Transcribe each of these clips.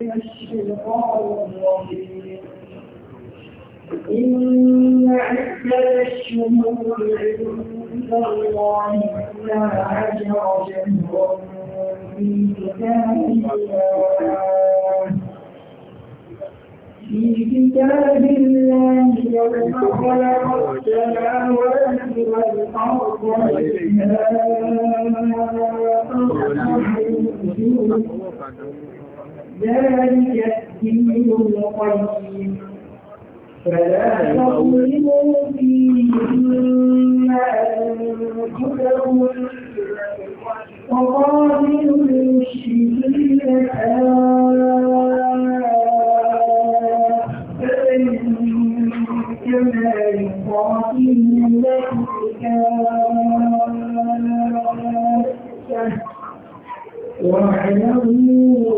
إن عدة الشهور عند الله إلا عشر شهور في كتاب الله في كتاب الله يوم خلق السماوات والأرض والسماء ذلك الدين القيم فلا تظلموا فيهن أنفسكم وقاتلوا المشركين كافة كما يقاتلونكم كافة واعلموا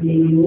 Thank you.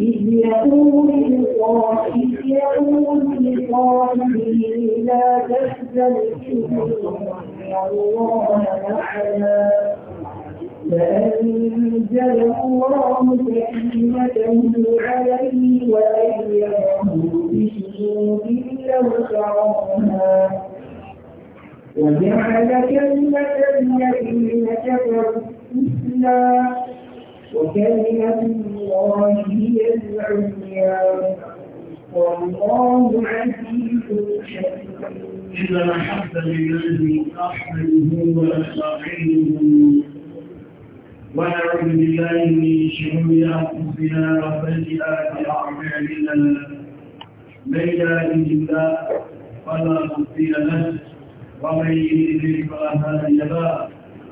إذ يقول لصاحبه لا تحزن إن الله معنا فأنزل الله سكينته عليه وأيده بجنود لم ترونها وجعل كلمة الذين كفروا السفلى وكلمة الله هي العليا والله عزيز حكيم إن الحمد لله أحمده وأستعينه ونعوذ بالله من شرور أنفسنا وسيئات أعمالنا من يهده الله فلا مضل له ومن يضلل فلا هادي له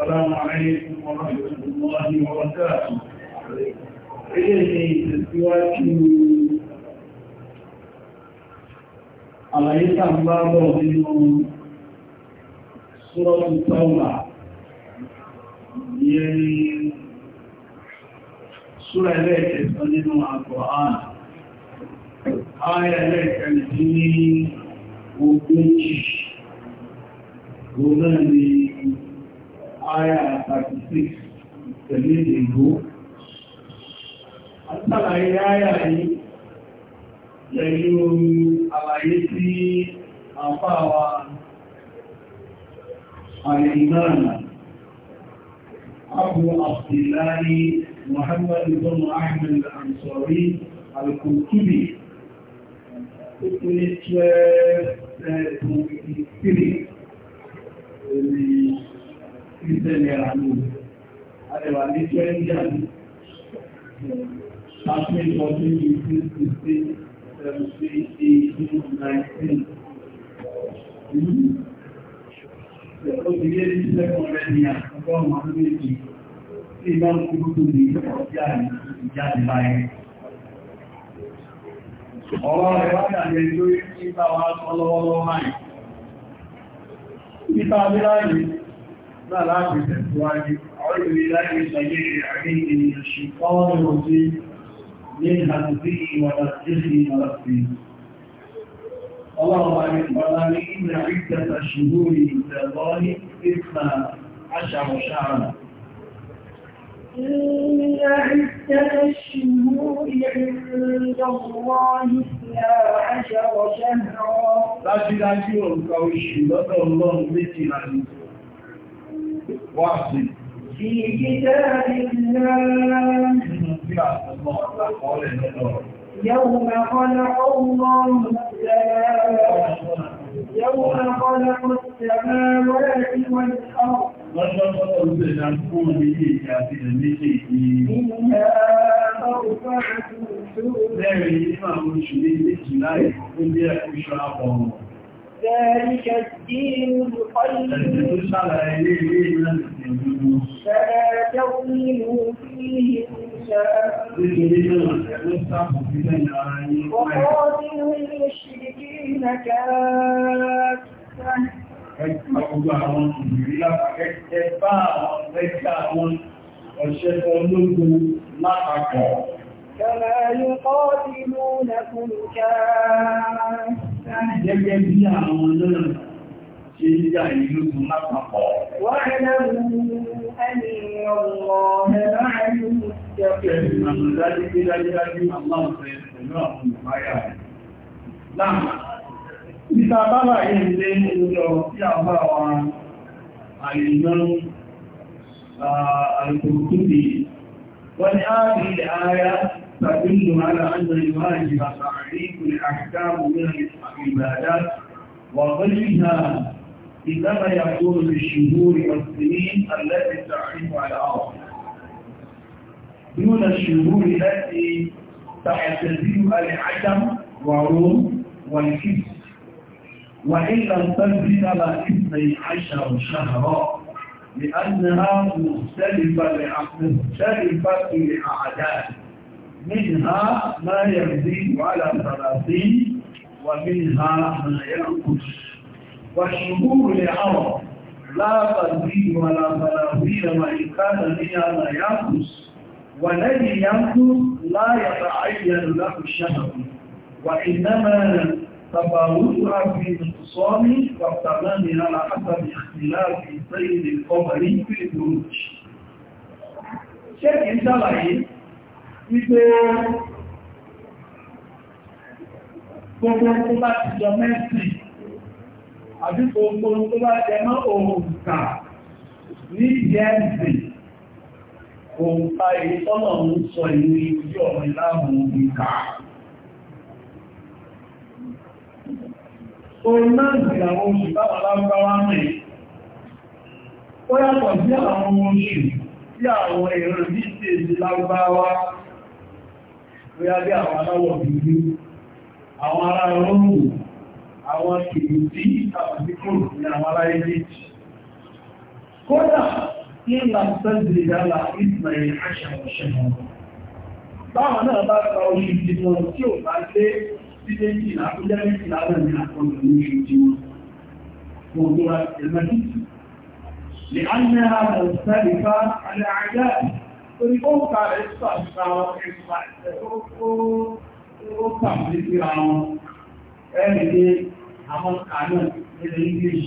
السلام عليكم ورحمة الله وبركاته eléyìí tẹ̀síwájú àlàyé tàbábọ̀ nínú sọ́rọ̀tù tọ́wà yẹ ṣúra ẹlẹ́ẹ̀kẹ́sọ nínú Al-Qur'an ayẹ ẹlẹ́ẹ̀kẹ́sí ní ogójì gbogbo àyà 36 pẹ̀lú èdè ìgbó. Àtàlàyé àyà yìí pẹ̀lú àlàyé tí àfáàwà àyìnmáàmà Abu Abdullahi Muhammad bin Ahmed Ansari Al-Kuntubi tó tó ní kírísẹ́ náírà ní òun àdẹ̀wà ní twenty thirteen fourteen fifteen sixteen seventeen eighteen nineteen. Obìnrin ní sẹ́kọ̀ọ́ rẹ̀ ní àkọ́kọ́ ọmọ ọdún méjì tí ìbá ń kúrú tó ní ọjà ìjáde báyìí. لا لا بالتواجد أعوذ بالله السميع العليم من الشيطان الرجيم من همزه ونفسه ونفسه اللهم آمين وآمين إن عدة الشهور عند الله إثنى عشر شهرا إن عدة الشهور عند الله إثنى عشر شهرا لا تلاقي أنك وشي لك الله مثل عزيز واحد في كتاب الله يوم خلق الله السلام يوم خلق السماوات والأرض منها أربعة حروف ذلك الدين القيم فلا تظلموا فيه وقاتلوا المشركين كافة Ẹgbàgbà àwọn ìrírí lápàkẹ́ ẹgbà àwọn ẹgbà àwọn ọ̀ṣẹ́fẹ́ ológun lápapọ̀. كما يقاتلونكم bí àwọn olóòrùn ṣe ń jà ìlú tó lápapọ̀. wọ́n Níta bábà yìí lé lọ sí àbá wa àìyàn àìkòkúrì تدل على أن الواجب تعريف الأحكام من العبادات وغيرها إنما يكون بالشهور والسنين التي تعرف على الأرض دون الشهور التي تعتزل العدم والروم والكسر وإلا تنزل على اثني عشر شهرا لأنها مختلفة لأعداد منها ما يزيد على ثلاثين ومنها ما ينقص والشهور لعرب لا تزيد على ثلاثين وإن كان منها ما ينقص والذي ينقص لا يتعين له الشهر وإنما تفاوتها في انتصام والتمام على حسب اختلاف سيد القمر في البروج. شيخ انت wípé gbogbo tó bá ti jọ mẹ́sìn àbí gbogbo tó bá jẹ mọ́ òǹkà ní ìyẹ́ǹsì òǹkà èyí tọ́nà ń sọ ìlú ìjú ọ̀rọ̀ ìlàmù ìkà òun náà sì àwọn oṣù táwọn lágbáwá mẹ́ ó yàtọ̀ sí àwọn oṣù tí àwọn èrò bóyá bí àwọn aláwọ̀ dúdú àwọn ará rọ́mù àwọn kìrìtì àbúkù ní àwọn aláyé méjì kódà ní làbùsẹ́sì dára ìsìnàyè àṣàwọ̀ṣẹ̀wọ̀n báwọn náà bá gba oṣù tí wọn tí ò bá lé sí méjì lábújẹ́ méjì lábẹ́ ní àkọlù ní oṣù tí torí ó ń ta rẹ̀ sàtìkà ẹ̀sà ó tàbí sí àwọn ẹ̀rìn ní àwọn kàánà ilẹ̀ English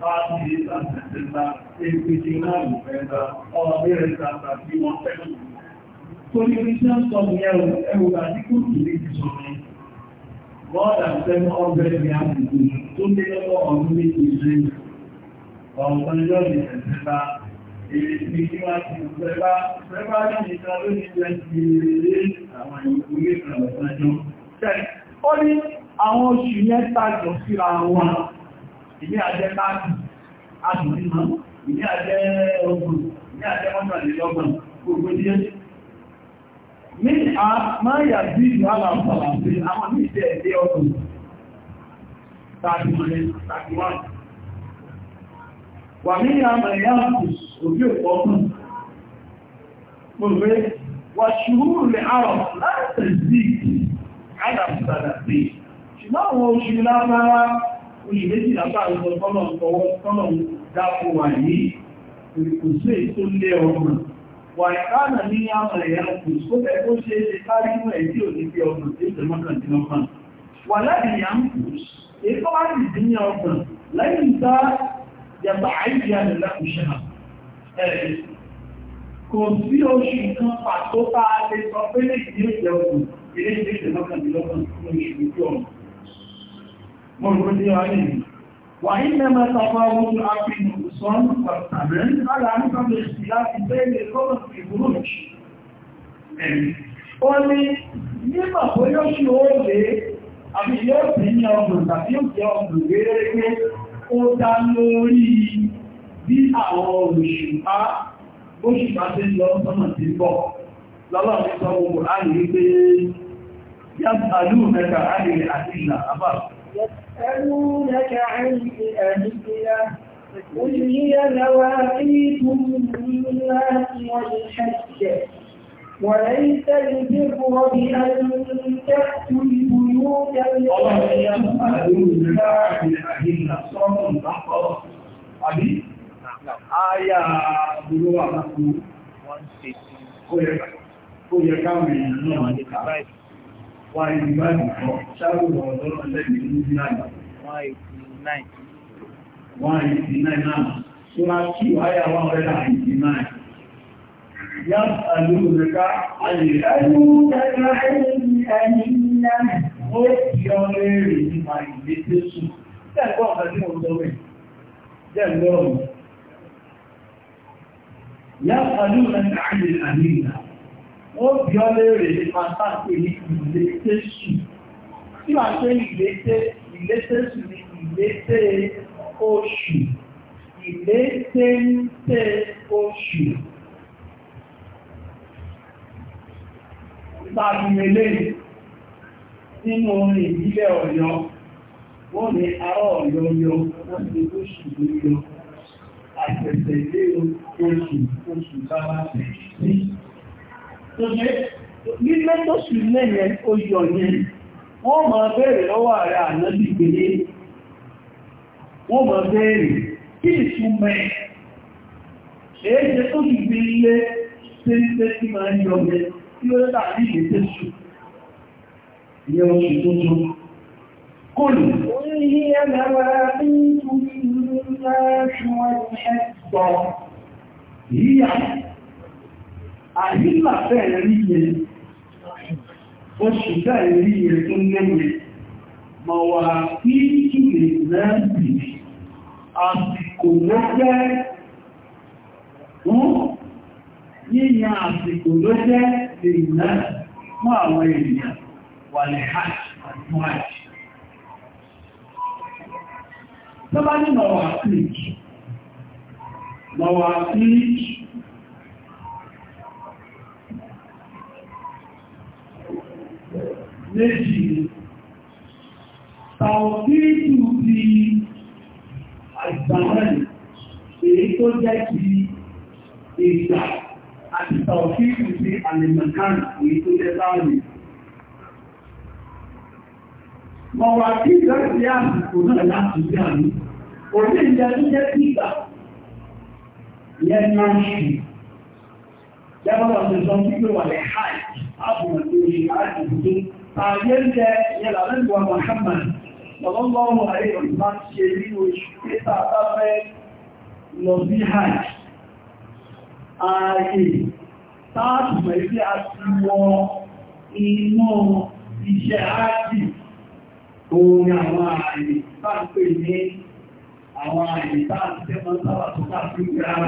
láti ìsàtẹ̀sẹ̀ta ẹgbẹ̀jì náà lùfẹ́ta ọ̀rẹ́rẹ̀ sàtà bí wọ́n tẹ́lù torí oníṣẹ́ sọ ní ẹrù ẹrù àti kúrò ní ìṣọ̀rẹ́ lọ́ọ̀dà tẹ́lù ọgbẹ́ ní àbùkù tó lé lọ́wọ́ ọdún méjì lẹ́yìn ọ̀rọ̀ Èrèsì àwọn oṣù yẹn tàjọ síra wọn, ìní àjẹ́ láti, àdùnmọ́, ìní àjẹ́ ọgbọ̀n, ìní àjẹ́ mọ́tàlélọ́gbọ̀n, gbogbo díẹ̀. Ní a máa yà bí ìlú alàpàlà sí àwọn ní ìdẹ́ ẹ̀dẹ́ ọdún, 31 wà ní àmà ìyáàkù òbí òpópùn pòlúwé wà ṣùgbùrù rẹ̀ àrọ̀ láti zíkì àdàmùsàdà sí ṣùgbọ́n àwọn oṣù lábára oṣù méjì lábára tọ́lọ̀ tọ́lọ̀ dápò wà ní ìrìkùsẹ̀ tó lé ọmọ wà ìkánà ní àmà ìyáàkù tó bẹ̀ ó ṣe é ṣe kárí mú ẹ̀ tí ò ní bí ọmọ tí ó jẹ mọ́kàndínlọ́gbọ̀n wà láti ìyáàkù èkó wá sì dín ní ọgbọ̀n lẹ́yìn tá yàtọ̀ àìsí àdìlá òṣèlú ẹ̀rì kò sí oṣù kan pàtó bá a lè sọ pé lè jẹ́ ìjẹ́ ọ̀gbọ̀n ilé ìjẹ́ ìjẹ́ mọ́kànlélọ́gbọ̀n fún oṣù ojú ọ̀run mo rò ní ọ̀rẹ́ yìí wà ní mẹ́mẹ́ sọ́kọ́ ọdún àfihàn sọ́n pàtàkì lára nípasẹ̀ sí láti bẹ́ẹ̀lẹ̀ lọ́nà ìgbúrò ó ní nígbà tó yóò ṣe ó dá lórí bí àwọn olùṣùpá oṣùpá tí lọ sọ́nà ti bọ̀ lọ́lọ́rin sọ gbogbo láàrin wípé yàtàlú mẹ́ta àìrẹ̀ àti ìlà àbá Oṣù yíyá lọ́wọ́ àti ìtùn ìrìnlá àti wọ́n ìṣẹ́ وليس البر بأن تأتوا البيوت Aya ìlú àkàkù 160. Ó yẹ káwọn èèyàn náà wà ní kàrá. Wà ní báyìí kan, ṣáàrù ọ̀dọ́ ọ̀lẹ́bì ní Ìlànà. 189. 189 náà. Ṣúra kí wáyà 189. يسألونك عن يسألونك عن الأمينة قل يوم ما يلبس Tẹ́gbọ́n ọ̀fẹ́ tí mo sọ rẹ̀, jẹ́ lọ́rùn. Yá pàdú ẹ̀ta àìlè àmìnà, ó bí ọ léèrè nípa sáàpé ní ìlétésù. Tí wà pé ìlétésù ni ìlété oṣù, ìlété ń tẹ́ oṣù. sáàmìlẹ̀ nínú orin ìbílẹ̀ ọ̀yọ́ wọ́n ní ará ọ̀yọ́ yọ wọ́n ti tó ṣùgbọ́n yọ àtẹ̀sẹ̀ ilé oṣù oṣù bára sí nílé tó ṣù lẹ́yẹn oṣù ọ̀yẹn wọ́n máa bẹ̀rẹ̀ lọ́wọ́ ààrẹ ànábì gbélé wọ́n máa bẹ̀rẹ̀ kí ìṣúmẹ́ èéṣe tó ṣùgbọ́n ilé tẹ́lifẹ́ sí máa ń yọ mẹ́rin tí ó dàbí ìgbésù ìyẹn oṣù tuntun kò lè Ìyá àyílà bẹ́ẹ̀ rí yẹ, oṣù bẹ́ẹ̀ rí yẹ tó lẹ́yẹ, ma wà kí kí lè lẹ́bìí, yíyan àsìkò ló jẹ́ ìrìnà fún àwọn ènìyàn wà lè hajj àti hajj. tó bá ní lọ́wọ́ àpíkì lọ́wọ́ àpíkì méjì tàwọ̀kíkù ti àìsànrẹ̀ èyí tó jẹ́ ti ìgbà tàwọ̀fíìsì sí alìmọ̀kán èyí tó jẹ́ láàrin mọ̀wà tí ìgbẹ́sí àsìkò náà láti bí àmì òní ìjẹ́ tó jẹ́ pígbà yẹn máa ń ṣe jẹ́bọ́lá ti sọ pípé wà lẹ́ háì ápùnà tó ṣe àìsìkò tààyé ń jẹ yẹn làbẹ́gbọ̀ Muhammad lọ́lọ́wọ́ àríwọ̀ táàtùmọ̀ ibi àti wọ inú iṣẹ́ áàtì òun àwọn ààrẹ táàpẹ̀ ní àwọn ààrẹ táàpẹ̀ mọ́ sábà tó káàkiri gbára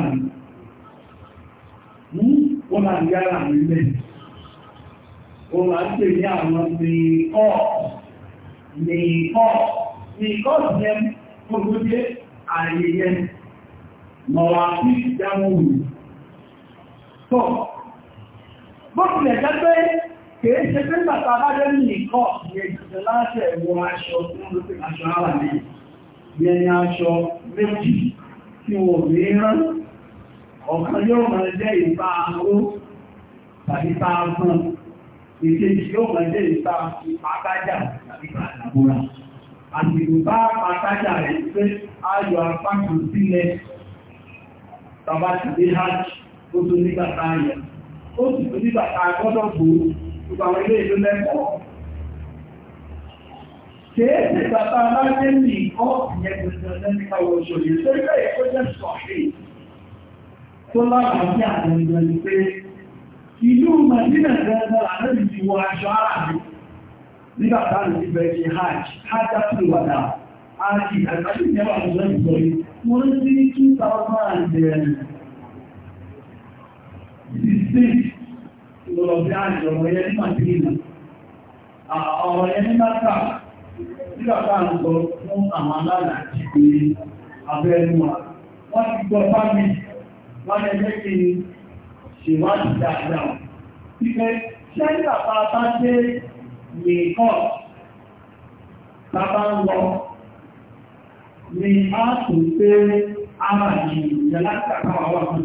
mú wọ́n máa ń gbára mú ilẹ̀ òun máa pè ní àwọn mìíkọ́ mìíkọ́ mìíkọ́ sí ẹ gbogbo dé yẹn mọ̀wá sí ìdáhùn tó bó tilẹ̀ jẹ́ pé kìí ṣe pé bàtà abájẹ́ nìkọ́ ní ìṣẹ̀lẹ̀ láti ẹ̀wọ̀ aṣọ tí wọ́n ló pè aṣọ ara ní ìyẹn ni aṣọ méjì tí wọ́n rí rán ọ̀kan yóò máa jẹ́ ìta aró tàbí ta fún ìkejì yóò máa jẹ́ ìta ìpàkájà tàbí pàtàkùnrà àtìkù bá pàtàkì rẹ̀ pé ayọ̀ apákan sílẹ̀ tàbátìdé hajj ó tó nígbàtà ayọ̀ ó sì tó nígbà àgbọ́dọ̀ bò gbogbo àwọn ilé ìlú lẹ́kọ̀ọ́. Kèéṣe bàbá aláṣẹ ní ìkọ́ ìyẹn tuntun lẹ́nìkà wọ ṣòlè sẹ́gbẹ́ ìkọ́jẹ́ sọ̀fì tó lábàá sí àgbẹ̀gbẹ̀ ni pé ìlú Màdínà gẹ́gẹ́ àlẹ́bí ti wọ aṣọ ààrẹ nígbà táwọn ti bẹ̀rẹ̀ ṣe hajj hajj àti wàdà àti àgbàṣe ìjẹwà àti ìjọ ìjọ yìí wọ́n ní 2000 and Ọ̀rọ̀ yẹn nígbà tàà, nígbà tàà ń sọ fún àwọn aláàlá ti abẹ́ ẹnu wa. Wọ́n ti gbọ́ bá wọ́n lè jẹ́ kí ṣèwádìí dáadáa. Ìfẹ́ ṣẹ́ nígbà tàà bá jẹ́ nìkan tàbá ń lọ ni a tún pé ara ìrìnlẹ́ láti àkáwà wà fún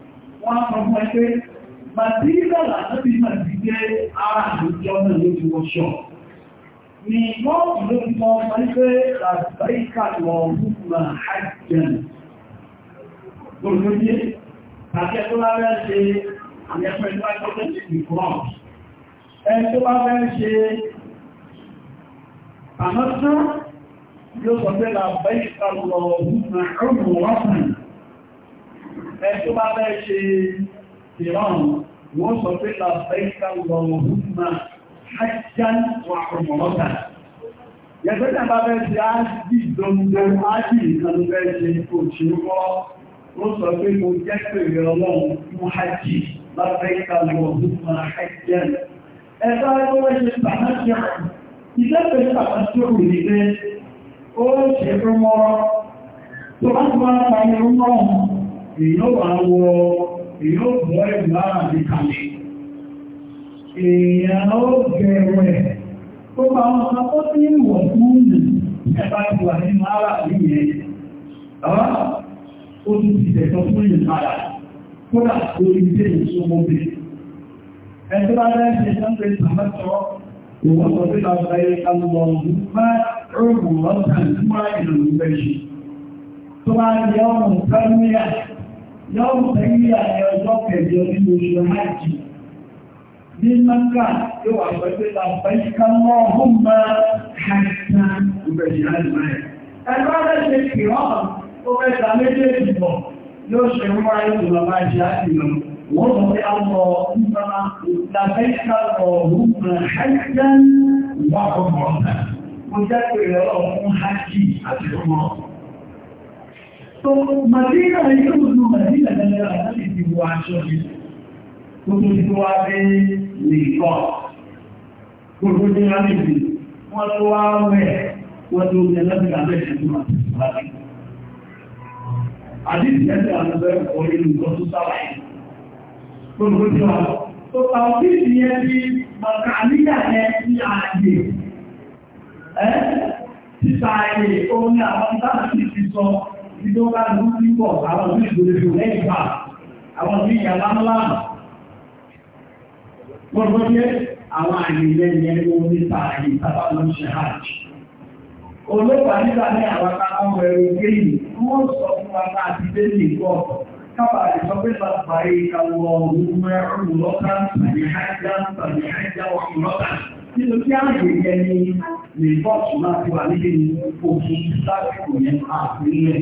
wọ́n sọ fún ẹ pé màtíríkàlà láti máa ti jẹ́ ara àjọ náà ló ti wọ́ṣọ́ ni wọ́n ló ti mọ ọmọ ẹgbẹ́ làbáríkà lọ rúkúmà hajjan olóyè tàbí ẹ̀tọ́ lábẹ́ ṣe àyẹ̀pẹ̀ ìlú ẹgbẹ́ ìfọ́n ẹ̀tọ́ lábẹ́ ṣe àmọ́sán yóò sọ pé làbáríkà ẹjọ́ bá bẹ́ ṣe ìran wọ́n sọ pé làbẹ́ká lọ́wọ́ húnmá hajján wà ọmọlọ́ta yẹ̀gbẹ́ta bá bẹ́ ṣe ájì dọ́ndọ́ ájì nǹkan bẹ́ ṣe òṣèrúkọ́ ó sọ pé mo jẹ́ pèrè ọlọ́run fún hajjì ṣe tàbátí tó bá ti wá ń pa irú mọ́ èyàn wà wọ èyàn bọ́ ẹ̀gbà àríkàlẹ̀ èyàn ó bẹ̀rẹ̀ tó bá wọn akọ́ tí ń fún ní ẹ̀bá ti wà nínú ilé ìṣòmọ́bẹ̀ ẹjọ́ bá rẹ̀ ṣe sọ́ńpẹ̀ sàmẹ́tọ́ ìwọ̀n sọ pé bàbá ẹ̀ kàlùwọ̀n bá rògbò lọ́sàn yọ́mù tẹ́lẹ̀ ààrẹ ọjọ́ kẹjọ nínú oṣù hajj ní mẹ́kà tó wà pẹ̀lú àpẹẹkà lọ́hùn máa hajjá ìbẹ̀rẹ̀ àìmáyà ẹgbẹ́ ọ̀rẹ́ṣẹ́ kì ọ́n ó mẹ́ta méjèèjì bọ̀ yóò ṣe ń wá ìlú bàbá ìṣẹ́ àìmọ̀ wọ́n sọ pé So Màdínà yóò lù Màdínà lẹ́lẹ́ láti ti wọ aṣọ yìí. Gbogbo ti tó wá dé nìkọ́. Gbogbo ti wá dé nìkọ́. Wọ́n tó wá wẹ̀ wọ́n tó wẹ̀ lọ́sẹ̀ abẹ́ ìṣẹ́jú àti Àdíjì ẹ̀sẹ̀ àtúbẹ̀ orí nǹkan tó sábà yìí. Gbogbo ti wá. So àwọn ìdíyẹ bí Màkàníyà yẹn ti àyè. Ẹ́ títa àyè òun ni àwọn táàkì ti sọ ní tó bá ní ní pọ̀ àwọn tí ìgbòlejò ẹ̀yìnbà àwọn tí ìyàlá ńlá gbọ́gbọ́ jẹ́ àwọn àyẹ̀lẹ́yẹ omi tààrí tàbá ló ń ṣe hajj olóòpàá nígbà ní àwọn akáwọn ẹ̀rọ gẹ́yìn wọ́n sọ fún wa náà ti dé ní ìkọ́ kábàá lè sọ pé bàbá yìí kàwọ ọ̀hún mẹ́rùn lọ́tà tàbí wà níbi òkú sáàkì yẹn àpínlẹ̀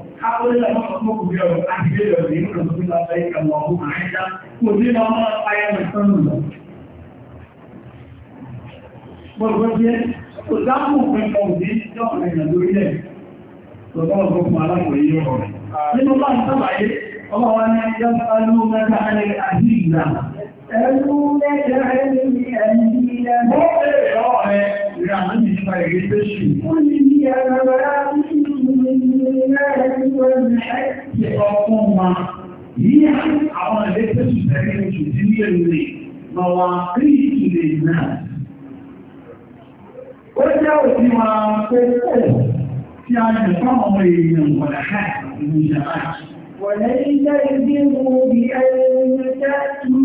حاول أن أخذ بيوم أحجر الدين رسول الله عليك اللهم عيدا وزين الله آية مستنزة Gbogbogbé, kò dámù pẹ̀lú ọ̀dí jọ́ ìrìnà lórí ẹ̀ tó tọ́lọ̀ tó fún alákòrí yóò rẹ̀. Nínú bá ń sábàáyé, ọmọ wa ní ẹjọ́ pẹ̀lú mẹ́ta ẹni àjí ìgbà. Ẹlú mẹ́ta ẹni ẹni ilẹ̀ mọ́ bẹ̀rẹ̀ ọ̀rẹ́ ìrànlẹ́ ìjọba ìrẹ́sẹ̀ṣì. Ó ní ní ẹgbẹ̀rẹ̀ Ó jẹ́ òfin wa pé pọ̀ tí a lè fáwọn èèyàn wọ̀lá káàkiri ìjọba. Wọ̀lá ilé ìdí mú bí ẹni tẹ́tù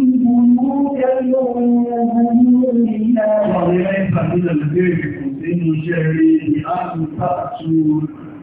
mú ẹlò mú ìlà. Wọ̀lá ilé ìpàdé lọ sí ìrìnkú sínú iṣẹ́ rí ìhàkùn pàtàkì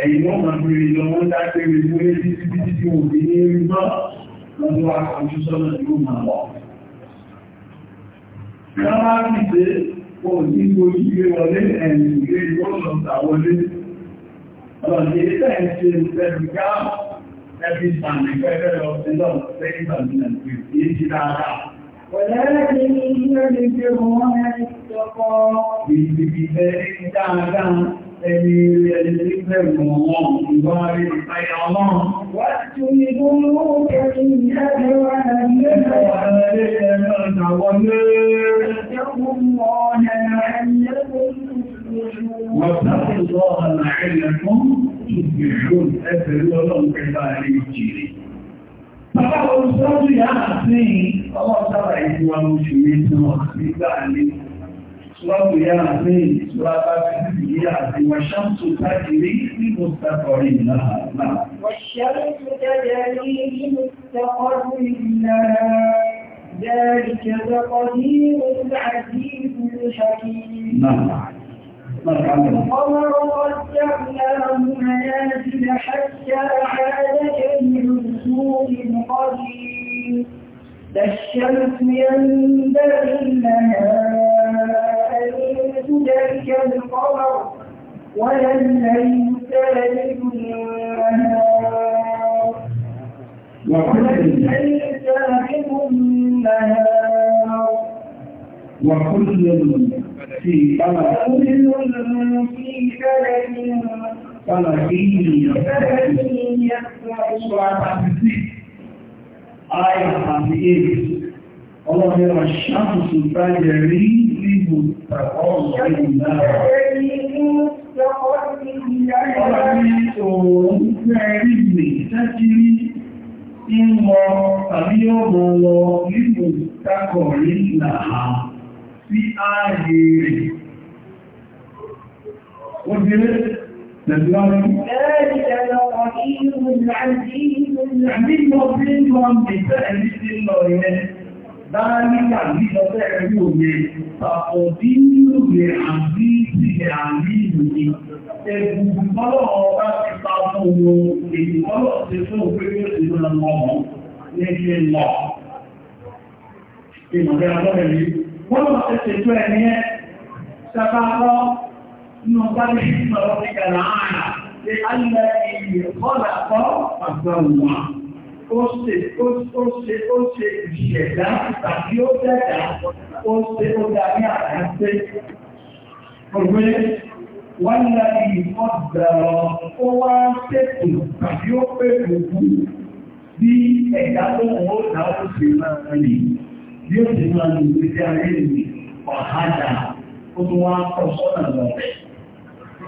ẹ̀yìn wọ́n máa fi rí lọ wọ́n dákẹ́rẹ́ ní orí títí títí tí wọ́n fi ní rí mọ́ lọ́dún àkọjú sọ́nà yóò máa lọ. Wọ́n máa ń pèsè wọn ò ní ojú ilé wọlé ẹ̀yìn ilé wọ́n lọ tà wọlé. Ọ̀nà ìlẹ́ ẹ̀ṣẹ̀ ẹ̀bí ká ẹbí ìsàmì pẹ́ẹ́fẹ́ lọ sí lọ́nà sẹ́yìn ìsàmì Nàìjíríà kì í ti dáadáa. Wọ̀lẹ́rẹ́ ẹni ẹni tí bẹ̀rù wọn ìgbà rí àyà ọlọ́run. Wà tún ní gbọ́nà ó kẹrin ìjẹ́ wà ní Wọ̀tàkùn lọ́wọ́ àlàáìlẹ̀ fún ìgbìyàn ẹgbẹ̀rẹ̀ ọlọ́run kẹta rí ìjìrì. Bàbá olùsọ́jú yà á sí ọlọ́ọ̀tàrà ìjọba oṣù mẹ́tọ́ nígbà nígbà. Sọ́ọ̀bù yá ní ìṣúra bá fi sí ìyá àti wọ̀ṣán tó káàkiri ní Mùsàkọ̀rì náà. Wọ̀ṣán tó káàkiri ní Mùsàkọ̀rì náà. ذلك تقدير العزيز الحكيم. نعم. القمر قدرناه منازل حتى عاد كالعرجون القديم. لا الشمس ينبغي لها أن تدرك القمر ولا الليل سابق النهار وكل في فلك في فلك فلك ayà àti èrè ọlọ́rẹ́wà ṣàtúnṣù bá yẹ rí nínú ọ̀rọ̀ ìlú náà ọlọ́rẹ́ òun fẹ́ rí ìgbè tẹ́kiri ìmọ̀ tàbí ọmọ lọ nínú tákọ̀ rí náà sí ààyè rẹ̀ ذلك لطير عزيز عزيز مبين wọn ti fẹ́ẹ̀rí sí lọ yẹn dáríkà ní ọjọ́ ẹ̀rí òye pàpọ̀dí nínú rẹ̀ àbí ìsìnkẹ̀ àmì ìlúni ẹgbùn mọ́lọ̀ ọba ti pa fún ìmọ̀lẹ́ ọlọ́rẹ̀ yìí mọ́lọ̀ ti ṣètò ẹ̀mí ẹ́ نقل حكم ربك العالى لألذي خلق فسوى ó ṣe ó ṣe ó ṣe ìṣẹ̀dá tàbí ó dẹ̀dà ó ṣe ó dá ní àdáṣe òwe wọ́n láti ọ̀dọ̀rọ̀ ó wá ṣètò tàbí ó pé gbogbo bí ẹ̀dá tó ń ó dá ó ṣe máa rí bí ó ṣe máa lò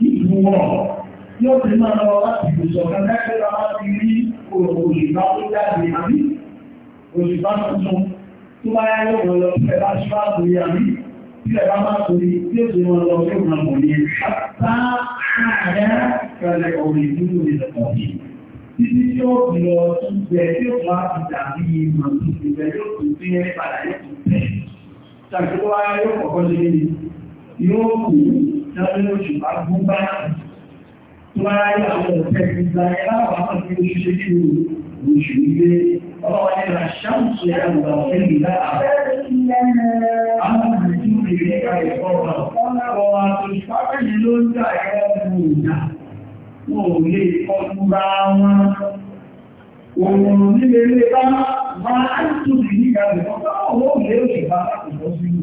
sí ìlú wọn yóò ti máa lọ láti ìgbésọ̀ kan kẹ́kẹ́ lọ láti rí òṣìbá tó jáde àmì òṣìbá tuntun tó bá yá yóò wọ́n lọ sí ẹ̀bá ṣíwá torí àmì tí ẹ̀bá máa torí tí ó ti wọn lọ sí òun àmọ̀ ní ṣáà ààrẹ kẹlẹ̀ ọ̀rẹ́ ìdúró ní ọ̀sìn títí tí ó fi lọ tún bẹ tí ó wá ti dàbí ìmọ̀ tó ti bẹ yóò tún sí ẹ̀ padà yóò tún bẹ̀ ṣàkóso wáyé yóò kọ̀ọ̀kan yóò kú lábẹ́ oṣù àgún bá tó ara yà àwọn ọ̀tẹ́ ìgbàlẹ̀ láwọn àwọn tí oṣù ṣe kí oṣù ilé ọwọ́ ní ra ṣáàmùsù ẹ̀rọ ọ̀fẹ́ ìlà àwọn àti ìrìn ẹ̀rọ ọ̀rọ̀ ọ̀rọ̀ àtòṣù pápẹ́yìn ló ń dà ẹ̀rọ ọ̀rọ̀ ìjà wọn ò lè kọkúra wọn òun nílé lé bá máa ń tóbi nígbà rẹ̀ ọ̀pọ̀ àwọn òun lè oṣù bá láti lọ sí ìlú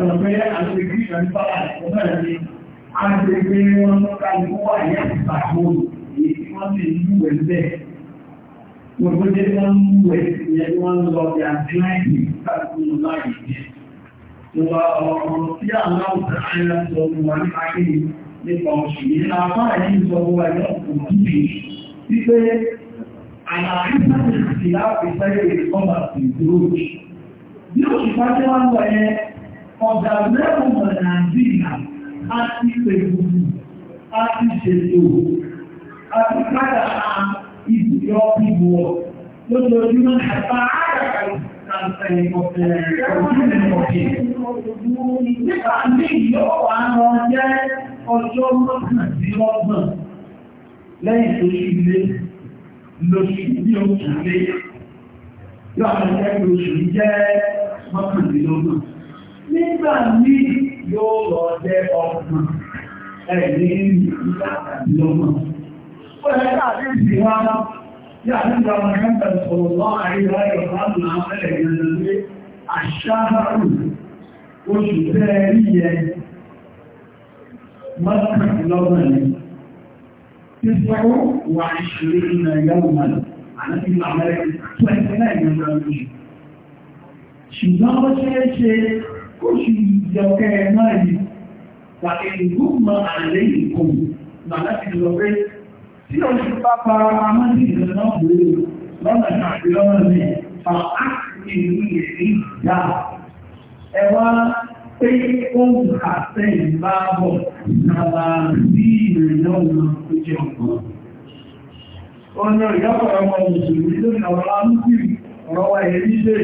ẹ̀rọ̀pẹ́ àṣègbè ìrìnàmípa àìkọ́bẹ̀ ní agbègbè wọn kálukú wà ní àtìgbà àgbòrò èyí tí wọ́n ti ń lúwẹ̀ bẹ́ẹ̀ gbogbo jẹ́ wọ́n ń lúwẹ̀ ìyẹn wọ́n ń lọ bí àtìláìkì káàkiri láàyè jẹ́ ìwà ọ̀rọ̀ tí àwọn ọ̀sẹ̀ àyà sọ fún wa nípa kí nípa oṣù ọ̀dà lẹ́wọ̀n nàìjíríà a ti pẹ̀lú a ti ṣètò a ti kádà ìdíyọ́ ìbò lójoojúmọ́ àbá Ọjọ́ mọ́kàndínlọ́gbọ̀n lẹ́yìn tó ṣí ilé lóṣù ní oṣù lé, yóò àwọn ẹgbẹ̀rẹ̀ oṣù jẹ́ mọ́kàndínlọ́gbọ̀n nígbà ní yóò lọ jẹ́ ọkùn ẹ̀rí ìgbà tàbí lọ́mọ. Ó yẹ káàkiri ìgbà wọn, yà nígbà wọn kẹ́kẹ́ sọ̀rọ̀ lọ́ àríwá ìrọ̀lá àwọn ẹlẹ̀ ìrìnlẹ̀ pé àṣáàrù oṣù tẹ́ rí yẹ mọ́kànlọ́gbọ̀n ni. Títọ́ wà ìṣòro ìnà ìyàwó màlúù, àti ìlànà ẹ̀kọ́ 29 ṣùgbọ́n ó ṣeé ṣe oṣù ìjọkẹ́ náà yìí pàtẹ ìlú mọ àlẹ́ ìkùn màá ti lọ pé tí o ṣe bá fara pamọ́ sí ìlú náà lórí lọ́nà àti lọ́nà mi fa áàkì ìlú ìrìn ìjà ẹ wá pé ó ń kà sẹ́yìn bá bọ̀ nàbà sí ìrìn náà lọ tó jẹ ọ̀gbọ́n. Ọ̀nà ìyàpọ̀ ọmọ mùsùlùmí lónìí ọ̀rọ̀ amúsìlì ọ̀rọ̀ wa èrí dé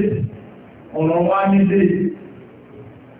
ọ̀rọ̀ wa ní dé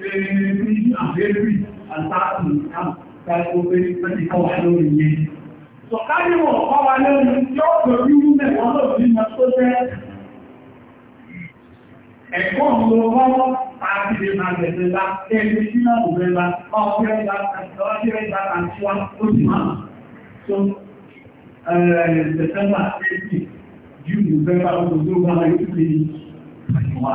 ẹni àbẹ́rì àtàkì ìkàwé ìkàwà lórí yẹn. Sọ̀káríwọ̀ ọwà lórí tí ó pẹ̀lú irú mẹ́wọ́n lórí ma tó jẹ́ ẹ̀kọ́ ọmọ àti ìrìnà àgbẹ̀lẹ́lá ẹni tí náà òmẹ́lá ọ̀pẹ́lá àti ọjọ́rẹ́lá àti wá ó sì máa tó ẹ̀rẹ̀ September 30 June November ọdún tó bá wáyé tó lè wà.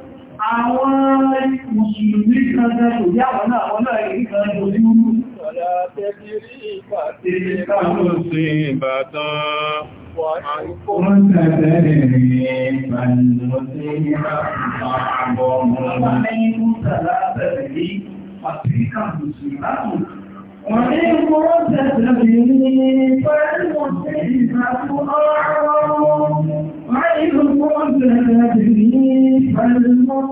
àwọn mùsùlùmí kan jẹ́ kò yá wọn náà wọ́n náà èyí kan jò ní mú ọ̀lá tẹ́bí rí ìpàtẹ́ káàkùn sí ìbàtán wọ́n tẹ́bẹ̀ rí ìpàtẹ́ وإن قلت لي فالمسلم أعرض وإن قلت لي فالمسلم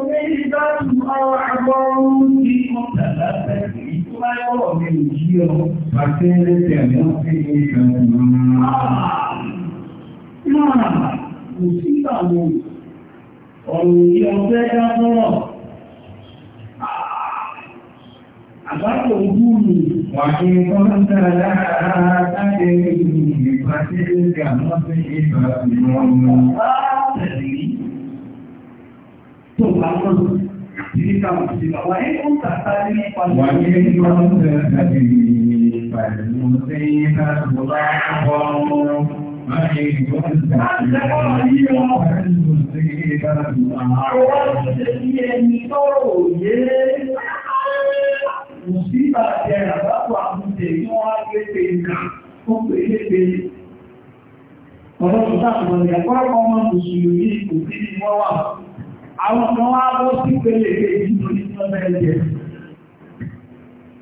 abẹ́rẹ́ tẹ̀wọ́n sí ìgbẹ̀rẹ̀ náà kò sí àwọn ọ̀rùn yí ọgbẹ́ dámọ́rọ̀ àbápọ̀ ogúnù wà ní kọ́lọ́tà látàrí ìgbà tí ó ti àwọn sí ìgbà ìrọ̀rùn tó bá mọ́ Wàyé ń tàtàrí nípa ìwọ̀n tẹ́lẹ̀ فالمسيح ضعفه وإن كنت فالمسيح ضعفه Mùsíbà jẹ́ àbábọ̀ àmúṣe tí wọ́n á gbé pé ìkà tó pè é pé ọ̀rọ̀ ìdáàbò ìyàpọ̀lọpọ̀ ọmọ mùsùlùmí kò sí ní wọ́n wà. Àwọn kan wá bọ́ sí pé lè gbé ìdíjọ́ ní ọmọ ẹgbẹ̀rẹ̀.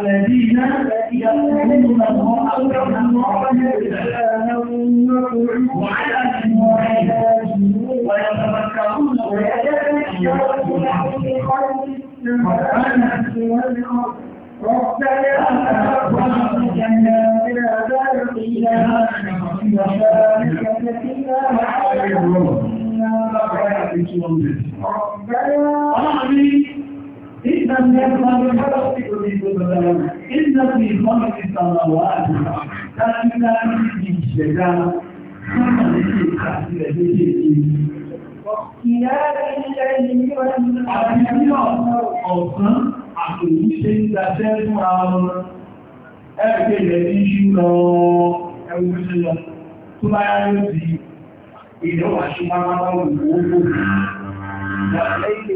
الذين يأكلون وعلى ويتذكرون ويتذكرون في خلق السماوات والأرض ربنا أخرجنا من عذاب جهنم وشارك فينا وعلينا ربنا إن الرحمن يخلق بكم إن في خلق السماوات كان من شجاع Ẹgbẹ́ ilẹ̀ ní ṣúlọ ẹgbẹ́ ṣúlọ tó bá yára yóò di ìdọ́wà ṣe máa máa wọ́n wọ́n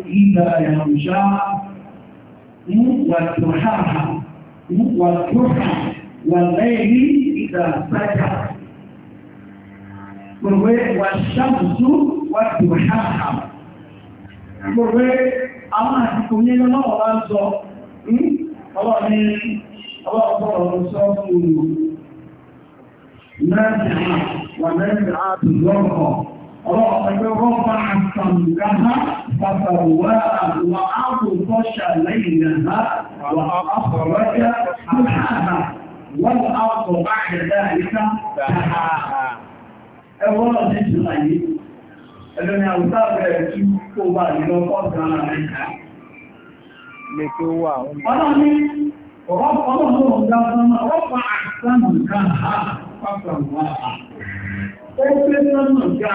wọ́n wọ́n wọ́n والضحاها والضحى والليل إذا سجى والشمس والضحاها Gbogbo àwọn àtìkò ní ẹgbẹ́ náà wá ń sọ, ọlọ́ni ọlọ́pọ̀lọ́ sọ fún òun náà wà mẹ́rin àtìlọ́pọ̀. رفع صمتها فسواها وعطش ليلها وأخرج سبحانها ká ha pàtàkì wà ó sánà ká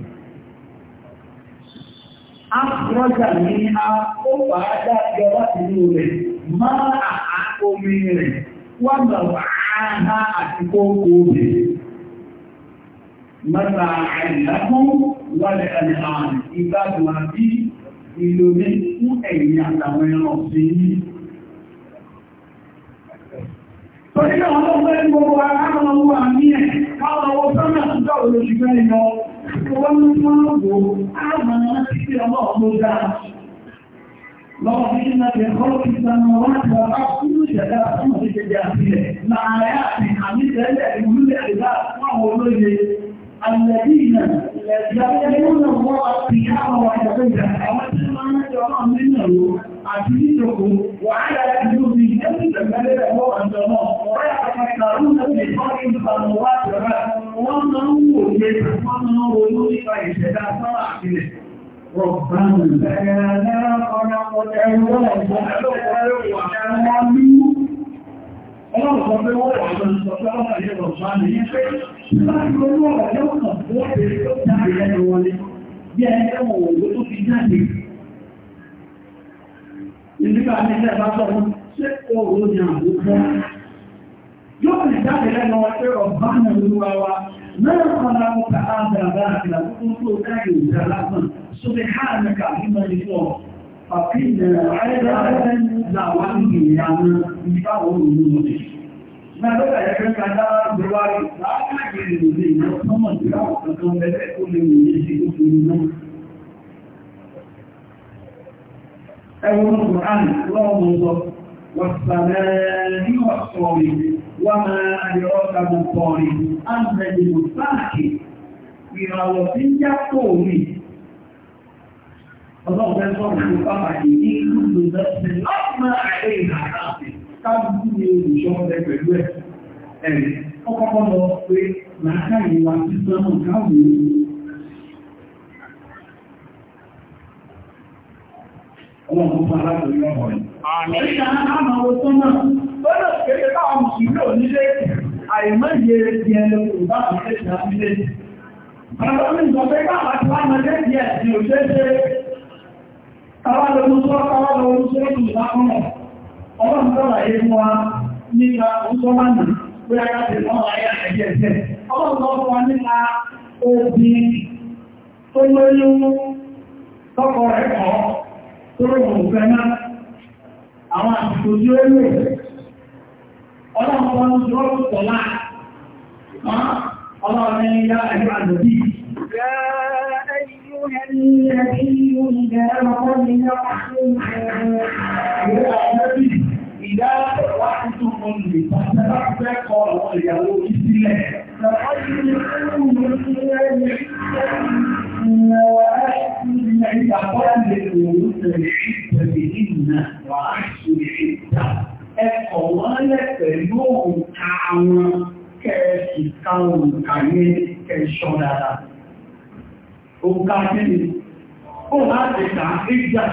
Afrọ́jà ní a ó wà á ndị láti inú rẹ̀, máa àá omi rẹ̀, wọ́n lọ wà á ná àti kókó rẹ̀. Mọ́ta àìlákún wọlé ẹni àrùn ìgbádùn ẹ̀yìn àtàwọn ẹran sí lọ sọ́nà wọ́n ní wọ́n wò áàmà láti fi ọmọ ọmọ dáa lọ́wọ́ bí i náà kẹ́kọ́ kí sanu wọ́n ti wà bá fún ìjẹ̀dá fún ìjẹ̀dá sílẹ̀ láàárẹ̀ àti àmì tẹ́lẹ̀ ìwúlẹ̀ ìlà fún àwọn olóye الذين يبلغون الله الصيام ويقول àwọn tí wọ́n ń jọ náà nínú àti ìjòkó wàhálà ìlú bí ẹni ìgbẹ̀gbẹ̀lẹ̀ ẹ̀kọ́ àjọ náà ọ̀rẹ́ àpapàá lóun tó lè kọ́ ní ìbàmọ̀ wá jọra wọ́n máa ń wò lè wọ́n máa ń wo ló nípa ìṣẹ̀dá sọ́rọ̀ àpilẹ̀ Rọ̀bánù ẹ̀rẹ́ ọ̀rọ̀ ẹ̀rọ ọ̀gbọ̀n Ọlọ́pàá pé wọ́n wà lọ sọ pé ọmọ ìjọba ọ̀sán ní pé láti olú ọ̀rọ̀ yóò kàn tó wọ́n bèèrè tó jáde lẹ́nu wọlé bí ẹni ẹ̀wọ̀n òwò tó fi jáde ìlúgbà ní ilẹ̀ bá sọ fún ṣé oòrùn ní àbúkọ́ yóò fi jáde lẹ́nu ọ̀pẹ́ ọ̀bá náà wa náà kan láwọn ka ábàbà àti àkókò tó ìrìnlẹ̀ ìrìnlẹ̀ ọmọ ìgbà ọ̀kan kan bẹ̀rẹ̀ ó lè wòye sí òfin náà. ẹwọ́n Kùrán lọ́wọ́ sọ wàsàmẹ́rí wàsọ̀rí wà máa àdìrọ́ta mú kọrí ánìyàn sáàkì ìràwọ̀ tí ń yàtọ̀ mi ọlọ́pẹ́ sọ́rọ̀ tó pàpàdé ní ìlú lọ́sẹ̀ lọ́pàá àrẹ ìhàrá káàkiri ní olùṣọ́ọ̀lẹ́ pẹ̀lú ẹ̀ ẹ̀rẹ̀ ọkọ̀kọ́ lọ pé ọlọ́run fún aláàbòrí ọmọ rẹ̀. Àmì ìṣàlá àmà owó tó náà, lọ́dọ̀ kéré táwọn mùsùlùmí ò nílé àìmọ́yẹ ti ẹni òbá àmìlẹ́sìn àmìlẹ́. Àgbàmí ìjọ pé káàkiri àti láàmà jẹ́ ti ẹ̀ ti òṣèṣe. Tàwà lọ́nu tó tàwà lọ́nu tó tù lápọ̀nà. Ọlọ́run tọ́lá yé fún wa nípa oúnjẹ mánà pé a yára tẹ̀lé ọ̀rọ̀ ayé àtẹ̀jẹ̀ ẹ̀jẹ̀. Ọlọ́run tọ́ fún wa nípa obì tó lóyún tọ́kọ rẹ̀ kọ́ tóròmù fẹ́ náà àwọn àsìkò tí ó lè ọlọ́pàá ń sọ pọ̀lá ọlọ́run ní yá ẹ̀yọ́ àjọ̀bí Ìdá wà tuntun kan lè ọrụ وأن وأحسن العتقان للوجود العدة بهن وأحسن العدة الطوالة اليوم تعاون كاسي كاون كاين كالشولالا وكاين وهذا تعقيدة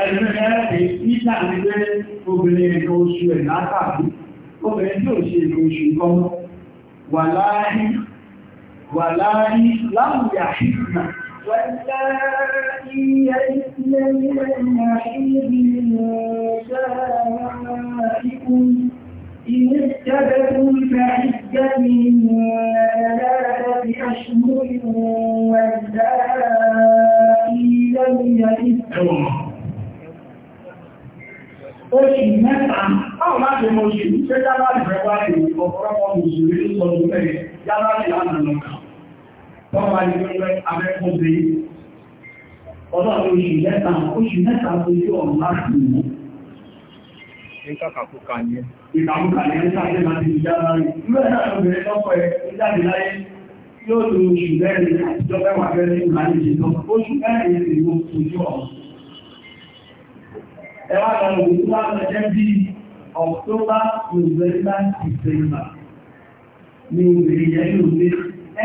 Ẹgbẹ́gbẹ́ ìgbà nígbẹ́ obìnrin ẹ̀kọ́ oṣù ẹ̀ látàbí, obìnrin tí ò ṣe ìkọ̀ oṣù gọ́mọ́. wàláhí wàláhí لم يحبنا واللائي يئسن من المحيض من نسائكم إن ارتبتم فعدتهن ثلاثة أشهر واللائي لم يئسن أيوة. oṣù mẹ́ta báwọn láti mọ̀ oṣù ṣe jábáàlì rẹ̀ wá ní ọ̀pọ̀lọpọ̀ òṣèré tó sọ ọdún mẹ́rin jábáàlì lánàá tọ́wọ́ àdìgbẹ́gbẹ́ abẹ́kọ̀ọ́bẹ̀ ọdọ́ oṣù mẹ́ta oṣù mẹ́ta ojú ọ̀run láti mọ̀ Ìkàkàkùkà ni ẹ́. Ìkàkùkà ni ẹ́ sáàdé máa ti jábáàlì. Ìgbẹ́ náà obìnrin lọ́pọ̀ ẹ̀ jáde láyé yóò lo oṣù mẹ́rin àtijọ́ mẹ́wàá mẹ́rin ìgbàlejò lọ. Oṣù mẹ́rin ìrìn ojú ọ̀run ẹwà àwọn òwúrọ̀ àmọ̀jẹ́ bí October November December ní obìnrin yẹn ní òní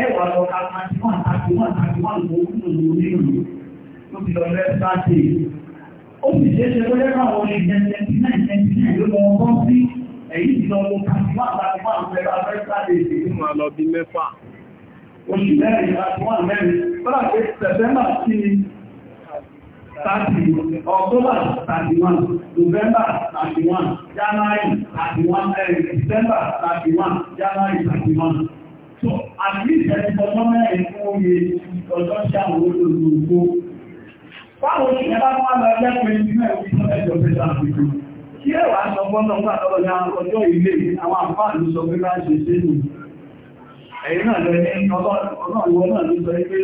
ẹwà lọ ká tàbí wọn àti wọn àti wọn lọ kúrò ní onílù tó fi lọ lẹ́sà dé ó sì ṣe é ṣe lọ́jọ́ káwọn olè jẹ́ twenty nine twenty nine ló lọ ọgbọ́n sí èyí ti lọ lọ tàbí wọn àti wọn lọ lẹ́sà dé ìdí wọn lọ bí mẹ́fà oṣù mẹ́rin àti wọn mẹ́rin fọlá pé September sí ni 30, October 31, November 31, January 31, uh, eh, December 31, January 31. So at least ẹni ọjọ́ mẹ́rin fún oye ọjọ́ sí àwọn olóògbò. Báwo ni ẹ bá wá lọ ẹgbẹ́ pé ní mẹ́rin ní ẹjọ́ pẹ̀lú àpìtò? Kí ẹ wà sọ fọ́nà fún àtọ́lọ́ ní ọjọ́ ilé àwọn àǹfààní sọ pé bá ṣe ṣe nù. Ẹ̀yìn náà lọ ní ọlọ́run náà ló sọ pé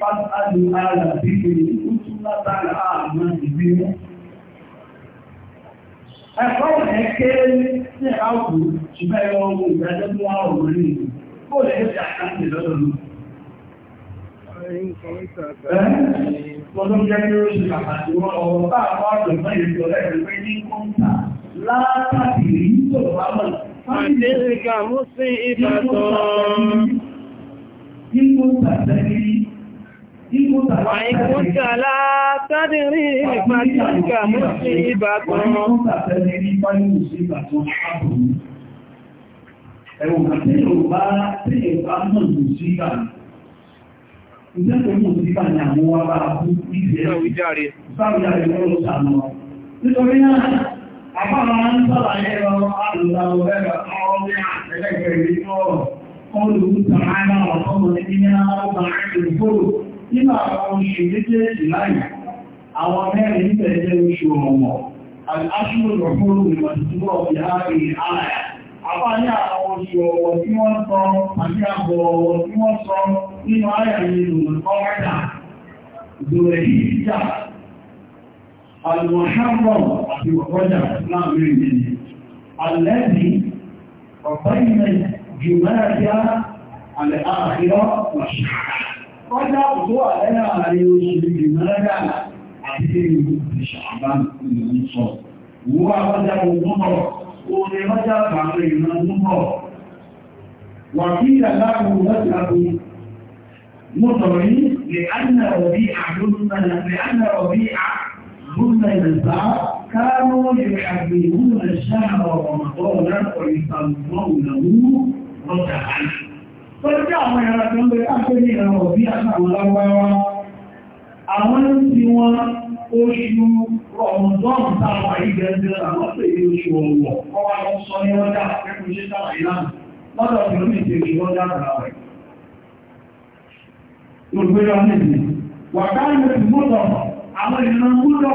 pátá ní ara bí kìí látara àmì ìwé mú. Ẹ̀kọ́ ìyẹn kéré ní àwùjọ ṣùgbọ́n ẹ̀rọ ohun ìdájọ́ tó wá ọ̀rọ̀ ní ìlú. Kó lè ṣe àkáǹtì lọ́dọ̀ lọ. Ọdún jẹ́ kí ó ṣe pàtàkì wọn ọ̀rọ̀ bá àwọn àjọ̀gbọ́n ìrìn ọ̀rẹ́ ìrìn ní kọ́ńtà látàkì rí tòrò bá mọ̀. Fáìlì ìgbà mú sí ìbàdàn. Ní kọ́ńtà tẹ́lẹ̀ Àìkúta látàdìrí ìpàtíkà mú sí ìbàtàn. Ẹ̀wọ̀n àti Yorùbá tí ìbá mọ̀ lù sí ìbà. Ìjẹ́kọ̀ọ́ mọ̀ sí ìbà ni àwọn wá bá kú ìjẹ́ ìjáre. Sáàrùjáre lọ́rọ̀ sàmọ́. Nítorí náà, àpára ń sọ́lá ẹ̀rọ alùlàwọ̀ ẹ̀rọ ọ̀rọ̀ ẹ̀lẹ́gbẹ̀rẹ̀ nínú àwọn oṣù méjèèjì láì àwọn mẹ́rin níbẹ̀ jẹ́ oṣù ọmọ aṣíwòròfóró ìwọ̀ntúnbọ̀ fi àárín ààrẹ àpá ní àwọn oṣù ọwọ̀ tí wọ́n sọ àti àbọ̀ ọwọ̀ tí wọ́n sọ nínú ààrẹ ìlú ọmọdà ìdòrè ìjà alùmọ̀ṣàbọ̀ àti ọ̀rọ̀jà láàrin ìdíje alẹ́bí ọ̀pẹ́ ìmẹ̀ jùmẹ́rẹ̀ yá alẹ́ ààrẹ ọ̀ṣàkà kọjá òtúwà lẹ́nà àárín oṣù ìmọ̀lẹ́dà àti ìṣàbán ìlú sọ. Wúwá kọjá òtúmọ̀, orin kọjá pàmò ìran túmọ̀. Wà kí ìdàgbàkù lọ́jàkù mọ́tọ̀rí lè ánà ọ̀bí àgbóhùnmọ̀ ìrìnsá كانوا يحبون الشهر رمضان ويصلون له ركعا Tọ́jú bí àwọn ẹ̀rọ tó ń bẹ káàkiri ní ìran ọ̀bí àtàwọn lágbára, àwọn tí wọ́n oṣù Ramadan táwọn àyíjẹ́ àwọn pè ní oṣù ọ̀wọ̀, ọwá lọ sọ ní ọjà pẹ́kùn ṣe sára ìlànà, lọ́dọ̀ tí ó ní ìṣẹ́ oṣù ọjà àtàrà rẹ̀. Olùgbéra ní ìdí, wà káàkiri ti mọ́tọ̀ àwọn ìran múlọ̀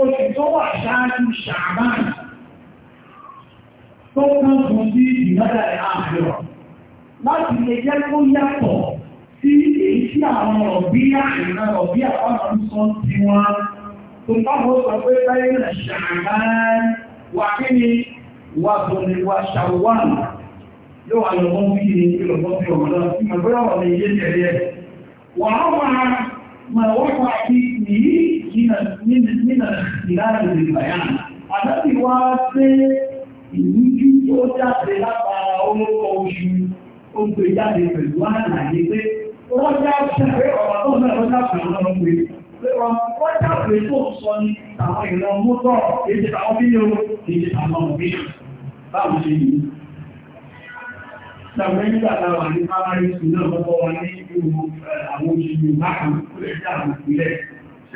oṣù tó wà ṣáájú ṣàbáà tó kán fún sí ìmọ́dà àbúrò láti lè jẹ́ kó yàtọ̀ sí èyí àwọn ọ̀bí àìrìnà ọ̀bí àpapọ̀ sọ ti wọn tó pàbọ̀ sọ pé báyìí nà ṣàbáà wà kí ni wà tó ní wà ṣàwọ́n yóò wà lọ́gbọ́n bí i ìlọ́gbọ́n ọmọdé bí nínà ìlànà ìbàyàn àtàbí wá pé ìrújú tó jáde látara olóko oṣù ó gbé jáde pẹ̀lú àlàyé pé wọ́n já ṣẹ̀fẹ́ ọ̀rọ̀ tó náà lọ́jà pẹ̀lú ọ̀rọ̀ pé wọ́n já pé tó sọ ní àwọn ìran mọ́tọ̀ èdè àwọn bílíọ̀ èdè àwọn òbílíọ̀ báwo ṣe yìí Ìjọba nígbà táwà ní Fáwárí Sùn náà lọ́pọ̀ wa ní ìlú àwọn òṣèlú bákan tó lè jẹ́ àwọn ìpínlẹ̀.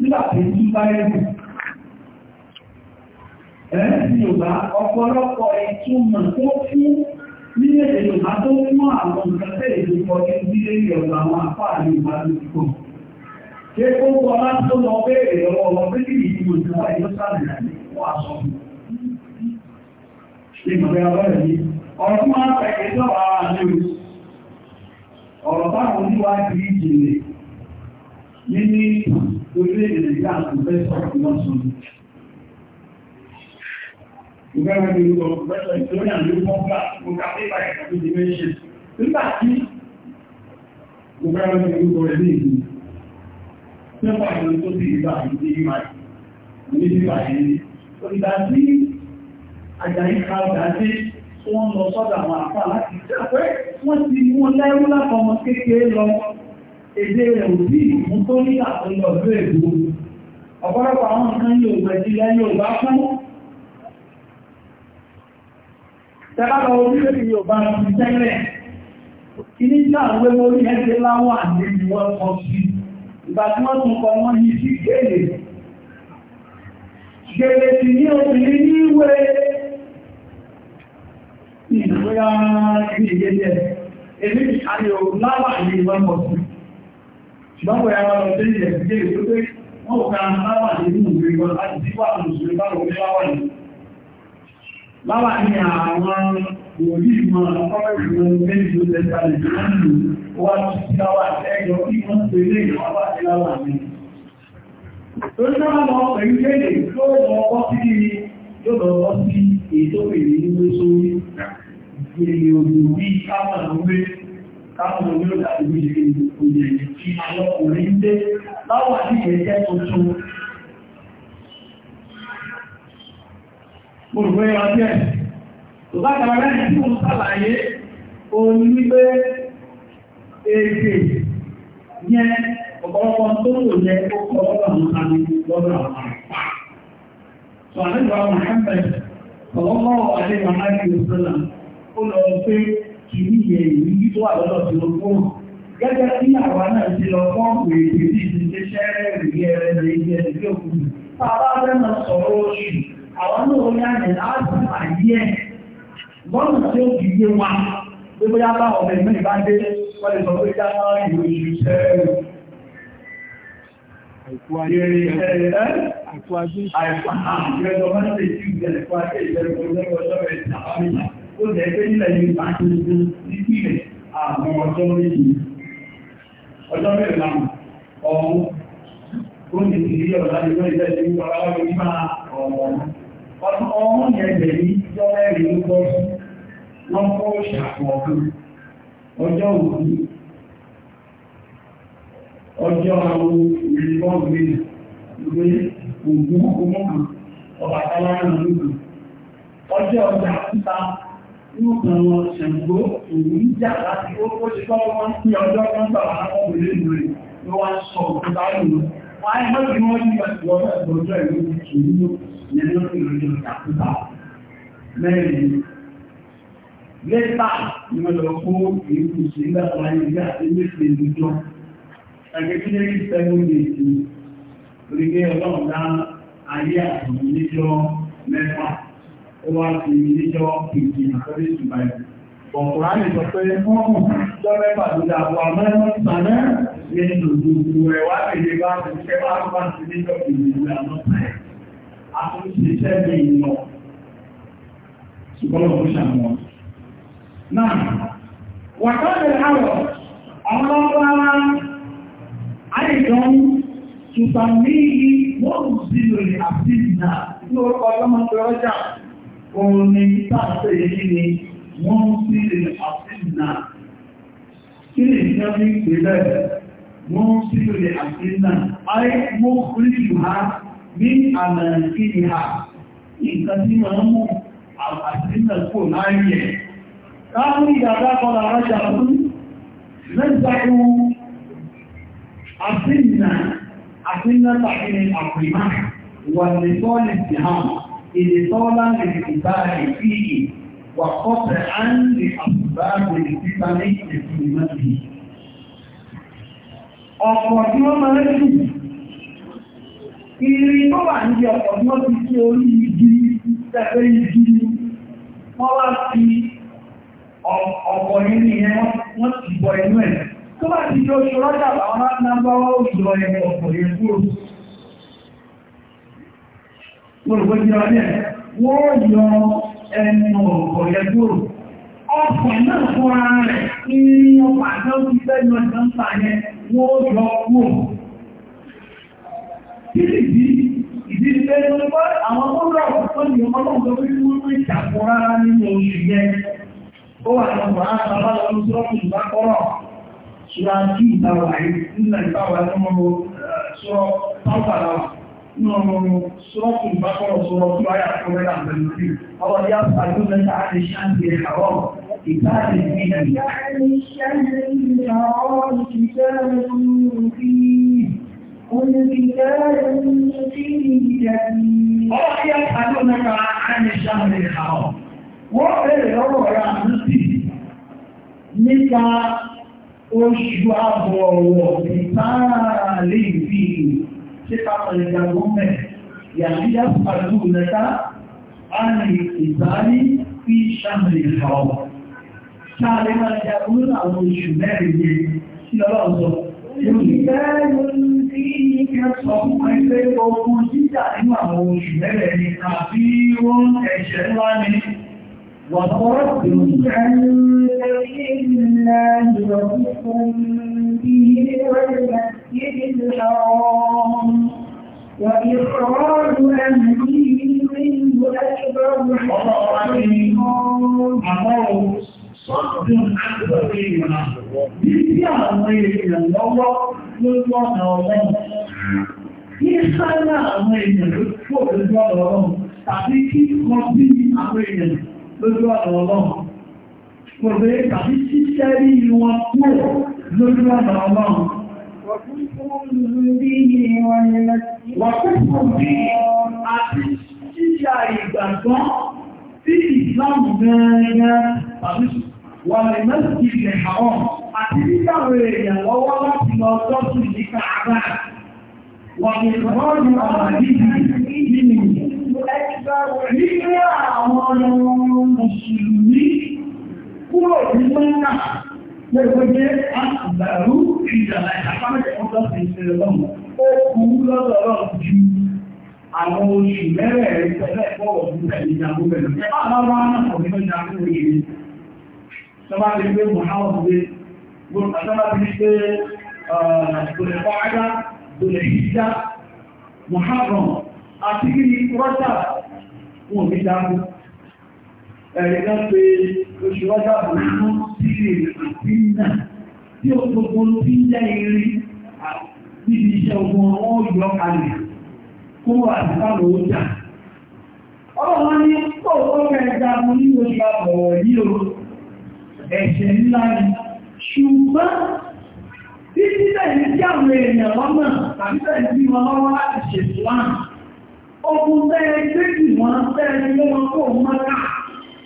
nígbà tí ń bá ẹ̀bù ẹ̀rẹ́sì Yorùbá ọ̀pọ̀lọpọ̀ ìtumọ̀ tó fún nílé Yorùbá tó fún àwọn ìgbàtẹ̀ ìdúkọ ní nílé Yorùbá àwọn apá ìbálòpọ̀ ṣe ó kọ́ láti lọ bẹ́ẹ̀rẹ̀ lọ́wọ́ lọ pé kí ìtumọ̀ ti wà yóò sáré àti orílẹ̀-èdè ìgbà àti pẹ́sọ̀ ìwọ̀sùn. Ìgbẹ́rẹ̀ ni ó lọ pẹ́sọ̀ ìtòríà ló mọ́ gbà mọ́ ká pépà ẹ̀kọ́ tó di mẹ́ṣẹ́. Nígbà tí ìgbẹ́rẹ̀ ni ó lọ rẹ̀ ní ìlú. Nígbà tí ó ti ìgbà àti ìgbà ní ìgbà yìí. Òdìgbà tí àjàyí ka ọ̀dà sí wọ́n lọ sọ́dọ̀ àwọn àpá láti jẹ́ pé wọ́n ti mú lẹ́rú lápọ̀ ọmọ kékeré lọ èdè rẹ̀ ò sí ìmú tó ní àtọ́lẹ̀ ọ̀dọ́ ègbò ọ̀pọ̀lọpọ̀ àwọn nǹkan ní ògbà ìdílé Yorùbá fún tẹ́lára orílẹ̀-èdè Yorùbá ti tẹ́lẹ̀ kí ní sáà wé lórí ẹgbẹ́ láwọn àdéjì wọn kọ sí ìgbà tí wọ́n tún kọ wọ́n ní sí gèlè gèlè sì ní obìnrin ní ìwé ìgbóyà ìgbèlè èmi àyò láwà ní ìwọ́n kọ sí Báwo ya wọ́n lọ sí ilẹ̀ ìgbé ìlú pé wọ́n ká nínú ìwé wọn láti tí wà lùsùn báwọn ní láwà ní. Láwà ní àwọn òní ìmọ̀ ọkọ̀rẹ́ ìwọ̀n méjì ló tẹ́ta lè káwọn ọ bụ dàbí bí ṣe òyìnbó tí ń dé láwọn àdíjẹ jẹ́ tuntun olùgbé ọjọ́ tó bá kàrẹ́ tí mo sàlàyé òun èdè yẹn ọ̀pọ̀lọpọ̀ tó lò àwọn àwọn àpá kìí ìrírí tó wà lọ́dọ̀ tí ó fún gẹ́gẹ́ bí àwa náà ti lọ fún ọ̀pọ̀ èdè ní ìdíléṣẹ́ rí ẹrẹ lè jẹ ìgbé òkun bàbá fẹ́ sọ̀rọ̀ oṣù àwọn náà ní àmì láti àyè ẹ̀ lọ́nà tí ó fi yé wa pé bóyá bá ọmọ ẹ̀mí bá dé wọ́n lè sọ pé já ìwé oṣù sẹ́ẹ̀rù Àìkú ajé ìṣẹ́lẹ̀ ẹ̀ẹ́ ó jẹ́ pé nílẹ̀ yìí bá ń gbogbo nípìnlẹ̀ àwọn ọjọ́ méjì ọjọ́ mẹ́rin náà ọ̀hún ó ti rí ọ̀dá ní lórí ilẹ̀ wọ́n wá lórí máa ọ̀hún ọdún ọ̀hún yẹn jẹ̀ ní mẹ́rin ló bọ́ sí wọ́n kọ́ ṣàpọ̀ ọdún ọjọ́ òkú ọjọ́ àwọn ìrìnbọ́n ìwé ògún ọkọ̀ mọ́kàn ọ̀bàtálá ọjọ́ ọjà títà Ìwọ̀n ṣẹ̀gbó òun jà láti ó kó ṣe kọ́ wọ́n tí ọjọ́ kan gbà wọ́n lápọ̀ pẹ̀lú ìlú rẹ̀ ló wá ń sọ òkú báyìí. Wọ́n á mọ́ sí wọ́n nígbà tí wọ́n fẹ́ ọjọ́ ìlú kìí ní ẹni ó sì lójú ìjàkúta mẹ́rin. Lẹ́tà ni wọ́n lọ fún ìlú sí ilé àwọn ilé àti ilé sí ìlú jọ. Àgbẹ̀kílẹ̀ rí sẹ́gun lè sí orílẹ̀ ọlọ́run dá ayé àtùnú níjọ́ mẹ́fà ó wá fi níjọ́ ìdí àkọ́lé ìgbà ẹ̀. Bọ̀kùnrà lè sọ pé wọ́n mú lọ́rẹ́ pàdúdà àwọn amẹ́rún sàmẹ́ ní ìdòdò ẹ̀wà èdè bá ti ṣẹ́ bá tó bá ti níjọ́ ìdìbò àwọn sàmẹ́. A tún ṣe iṣẹ́ bí ìlọ. Ṣùgbọ́n lọ́wọ́ ṣàmọ́. Náà, wàkọ́lẹ̀ àwọ̀, àwọn ọlọ́pàá àìjọ́n tùtàmí yìí wọ́n sì lè àbí ìdìnà ní orúkọ ọlọ́mọ tó rọ́jà. òun ni tàṣẹ yìí ni wọ́n ń sí ilé àfínà kí ni ìṣẹ́ ní ìpínlẹ̀ wọ́n ń sí ilé àfínà ayé mú oríṣìí ha ní àlàyé kí ha nǹkan tí máa mú àfínà kò láyé láàrín ìdàgbà kọ́lá rájà fún lẹ́gbàáwó àfínà àfínà tàbí àpìmá wà ní bọ́ọ̀lì ìhàmù ìdìtọ́lá lè ìgbà ìfìyì wà kọ́pẹ̀ á ń lè àbùbá lè títà ní ìpẹ̀sì ìmọ̀bí. Ọ̀pọ̀ tí wọ́n máa ń jù, ìrì tó wà ní ọ̀pọ̀ tí wọ́n ti sí orí igi, tẹ́fẹ́ igi, wọ́n wá fi ọ̀pọ̀ nínú ìyẹn wọ́n ti bọ inú ẹ̀. Tó bá ti jọ ṣọ́rọ́jà àwọn máa náà bá wọ́n jọ ẹ̀ ọ̀pọ̀ yẹn kúrò olùgbójúra ní ẹ̀ wọ́n yọ ẹnu ọ̀pọ̀ ara rẹ̀ ní yẹn wọ́n yọ kúrò àwọn ọlọ́rọ̀ ní ọlọ́rọ̀ ní wọ́n ń nínú oṣù yẹn ó wà lọ́pọ̀ àtàbà lọ́rọ̀ tó rọ́pù ìgbà kọ́rọ̀ ṣùgbọ́n kí ìtawà yìí nínú sọ́ọ̀tù ìbákọ̀rọ̀ sọ́rọ̀ tó ayà tó rẹ̀ nípa oṣù àbọ̀ ọ̀wọ̀ ìtààlè ìfìyàn síta pẹ̀lẹ̀gbẹ̀rún mẹ́ yàríyà pàdú lẹ́ta a lè ìbáyí fi ṣàmìlì ìfàwọ̀ ṣáàlẹ́ máa jẹ́ àwọn àwọn oṣù mẹ́rin ní sí ọlọ́ọ̀sọ́ وَقَرَبْتُ عَنْ سَبِيلِ اللَّهِ وَكُفْرٌ بِهِ وَالْمَسْجِدِ المسجد الحرام وإخراج أهله منه أكبر منهم Sọ́dún àgbàrí ìrìnà, bí i àwọn èèyàn lọ́wọ́ lójú ọ̀nà ọlọ́run. Ní sáàrà àwọn èèyàn lójú ọ̀nà ọlọ́run, tàbí kí kan bí àwọn èèyàn lójú ọ̀nà ọlọ́run. Kò bèé tàbí ṣíṣẹ́ rí wọn kúrò lójú ọ̀nà ọlọ́run. Wọ̀kúnkún bí àti ṣíṣà ìgbàgbọ́ sí ìsìláàmù gẹ́gẹ́ pàmíṣù wà lè mẹ́sìkì ilẹ̀ àwọn àti nígbàwó èèyàn lọ́wọ́ láti lọ tọ́jú ní káàbà. Wà lè rọ́ọ̀lù àwọn àdíjì nínú nígbà àwọn ọmọ mùsùlùmí kúrò ní mẹ́ta Gbẹ́gbẹ́gbẹ́ àgbàrú ìjàlá ìjàpámẹ́jẹ̀ ọjọ́ sí ìṣẹ̀lẹ̀ lọ́mù. Ó kú lọ́dọ̀ lọ́rùn ju àwọn oṣù mẹ́rẹ̀ẹ̀rin pẹ̀lú ẹ̀kọ́ ọ̀dún pẹ̀lú ìjàmú pẹ̀lú. Ẹ bá lọ́wọ́ náà kọ̀ nínú ìjàmú rèé. Sọ́bá ti gbé Mùhámọ́dù gbé, sọ́bá ti gbé Tòlẹ̀kọ́ Ádá, Tòlẹ̀ Ìjá, Mùhámọ́dù àti kí ni Rọ́ṣà wọn ò ní ìjàmú ẹ̀rẹ́gá pé oṣù ọjọ́ àbúrú sí ìrìnà tí ó gbogbo tí jẹ́ irin níbi iṣẹ́ ogun àwọn ọ̀yọ́ kalẹ̀ kó wà nípàlọ̀ ọjà. ọlọ́wọ́ ní kóòkó kẹta mú ní oṣù àbọ̀wọ̀ yìí o ẹ̀ṣẹ̀ ńlá ni ṣùgbọ́n títí tẹ̀lé tí àwọn èèyàn lọ́nà tàbí tẹ̀lé tí wọn lọ́wọ́ láti ṣètò láàrín ogun tẹ́ẹ̀ gbé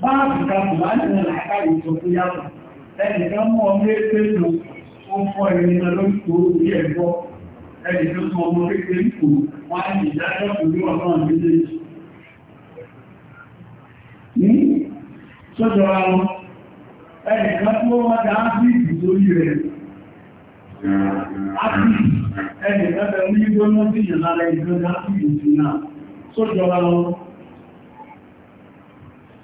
báàbì kàkùn ní ẹnìkan mú tó ó ẹnìkan ọmọ ẹgbẹ́ tó wọ́n á sí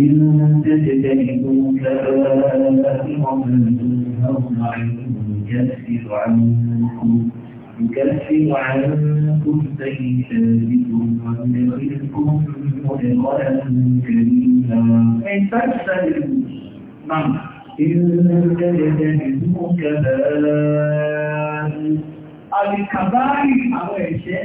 إن تجتنبوا كبائر ما تنهون عنه يكفر عنكم يكفر عنكم سيئاتكم ويدخلكم كريما فاسألوا نعم إن تجتنبوا كبائر الكبائر أو الشيء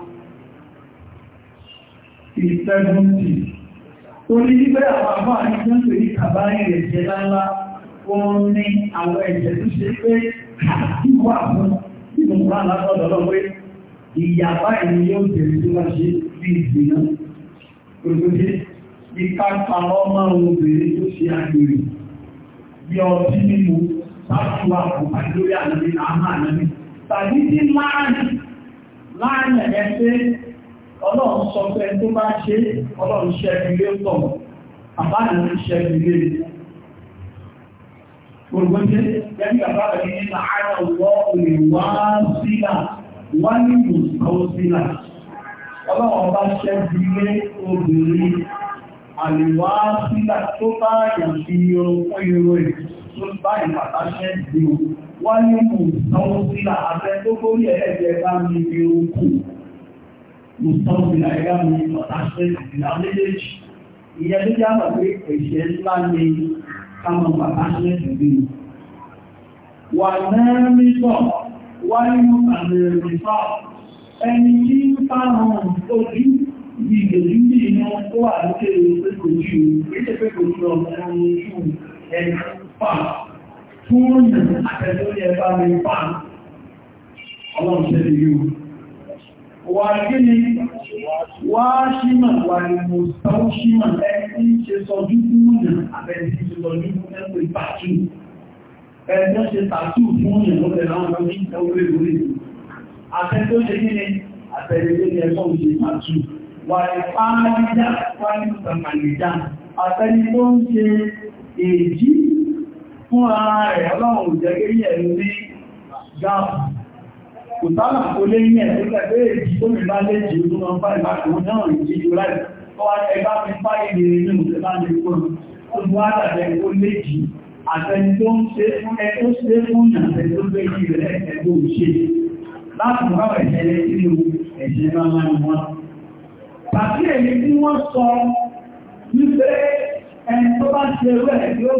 ìsẹ́gúntì orí nígbẹ́ àwọn àmọ́ àìjọ́ pé ní kàbáyé ẹ̀jẹ̀ lálá wọ́n ní àwọn ẹ̀jẹ̀ tó ṣe pé wà fún nínú plan látọ̀dọ̀ pé ìyàbá ẹni yóò bẹ̀rẹ̀ tó bá ṣe bí ìgbìnà òṣèlú ní kápá ọmọ obìnrin tó ṣe àgbèrè bí ọtí mímu láti wà fún àdúrà àmì àmà àmì tàbí sí láàrín láàrín ọlọ́run sọ pé tó bá ṣe ọlọ́run ṣẹ́ ilé tọ̀ àbáàdì ní ṣẹ́ ilé gbogbo jẹ́ jẹ́bí àbáàdì ní nínú ara ọwọ́ olè wá sílà wá ní ìwòsàn sílà ọlọ́run bá ṣẹ́ ilé obìnrin àlèwá sílà tó bá yàn sí ọkọ̀ ìrò ẹ̀ tó bá ìpàtàṣẹ́ ìdíò wá ní ìwòsàn sílà àtẹ́ tó górí ẹ̀ẹ́dẹ̀ẹ́ta ní ìrò kù mùsùlùmí àìyá mi ọ̀tá ṣe ìlà méjèèjì ìyẹn ló jábà pé ẹ̀ṣẹ̀ ńlá ni káwọn bàbá ṣe ìbí wà náà mítọ̀ wáyé mú àmì ìrìnfà ẹni tí ń fáwọn ojú ìgbèlú ní iná tó wà lókè pẹ́kòjú pẹ́kòjú ọmọ ọmọ ojú ẹni fà fún ìrìn àtẹ́lórí ẹbá mi fà ọlọ́run ṣe wà gíní wá ṣímà wà ní mọ̀sáwó ṣímà ẹni ṣe sọjú fúnnà àbẹ̀sí ṣe sọjú fún ẹgbẹ̀ ìpàtù ẹgbẹ́ ṣe tàtù fúnnà lọ́pẹ̀ láwọn ọmọdé ẹgbẹ́ ìwé àtẹ́tẹ́ ó ṣe gíní àtẹ́lẹ́gbẹ́ ni ẹgbọ́n ṣe tàtù wà ìpáàdídá wà ní ìsàmàlìdá àtẹ́ni tó ń ṣe èjì fún ara rẹ̀ ọlọ́run jẹ́gẹ́ yẹ̀ ní gáàpù kò sábà kò lé ní ẹ̀sùn pé èjì tó mi bá lé jì ó máa ń bá ìbáṣepọ̀ náà ìjì jù láì kọ́ wá ẹ bá fi fáyé ní inú ìṣẹ́ bá ní kó tó mú àtàtẹ ó lé jì àtẹni tó ń ṣe fún ẹ tó ṣe fún ìyàtẹ tó gbé jì rẹ̀ ẹgbẹ́ òṣè láti mú àwọn ẹ̀ṣẹ̀ lé sí ewu ẹ̀ṣẹ̀ máa máa ń wọn. Tàbí èyí tí wọ́n sọ wípé ẹni tó bá ṣe rẹ̀ yóò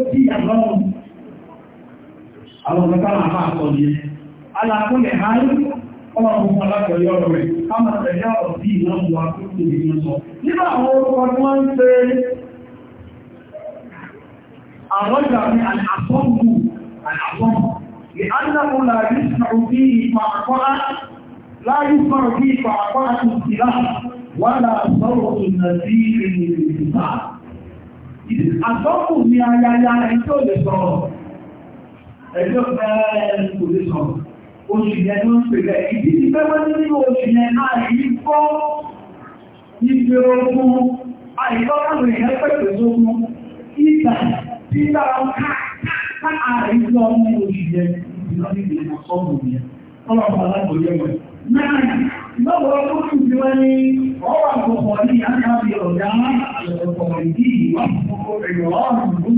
alákúnlẹ̀ hàn ọmọ ọmọ alákọ̀ọ́yọ́ rẹ̀ káàmà tẹ̀lé ọ̀rọ̀ bí ìlànà wà tó tó lè ní sọ nígbà àwọn orúkọ tí wọ́n ń pè àwọn ìgbà ní àlàfọ́ọ̀mù àlàfọ́ọ̀mù لا يسمع فيه السلاح ولا صوت نذير للإنسان Àtọ́kù ni ayayá ẹjọ́ lè sọ̀rọ̀. Ẹjọ́ fẹ́ kò lè sọ̀rọ̀ oṣù yẹn ló ń pèlẹ̀ ìdí ti pẹ́pẹ́ nínú oṣù yẹn náà yìí gbọ́ ibi ogun àìsọ́kàwé yẹn pẹ̀pẹ̀ sógun ìgbà títà káàkiri àìsọ ní oṣù yẹn ìlọ́nà ìgbìmọ̀ sọ́ọ̀mù yẹn ọlọ́pàá alágbòye wọn. Náà lọ́wọ́ tó kù sí wọ́n ní ọwọ́ àkọ́kọ́ ní àjábí ọ̀dá ọ̀pọ̀ ìdí ìwà àkọ́kọ́ ìrọ̀rùn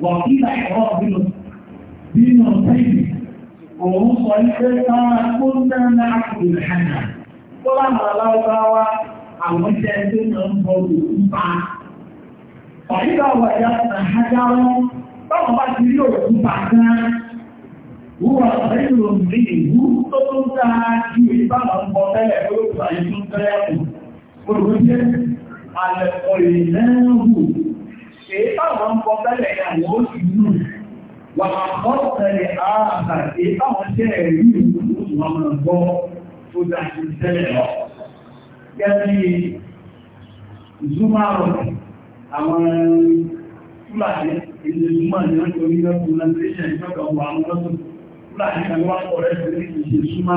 lónìí nínú tẹ́lì òun sọ iṣẹ́ sára tó ń tẹ́rẹ tó láwọn àwọn jẹ́ tó náà ń bọ̀ òkú bá fàyíká wàjá sàhájáwọ́ báwọn bá ti rí òkú bá gán wúwà pẹ̀lú òmìnirí ìwú tó tó ń ta ju ìbáwọn ń bọ̀ tẹ́lẹ̀ lóòkú àyè tẹ́lẹ̀ kù wà àkọ́sẹ̀lẹ̀ ààbà tí àwọn tẹ́ ẹ̀rí ìlú wọn máa gbọ́ tó dájú tẹ́lẹ̀ lọ. Gẹ́bí Zúmárùn àwọn Fúlàní ilé Zúmárùn ní ọjọ́ orílẹ̀ Fúlàníṣẹ́ ìjọba wà àwọn ọdún Fúlàní kan wá pọ̀ rẹ̀ sí ìṣe Súmá.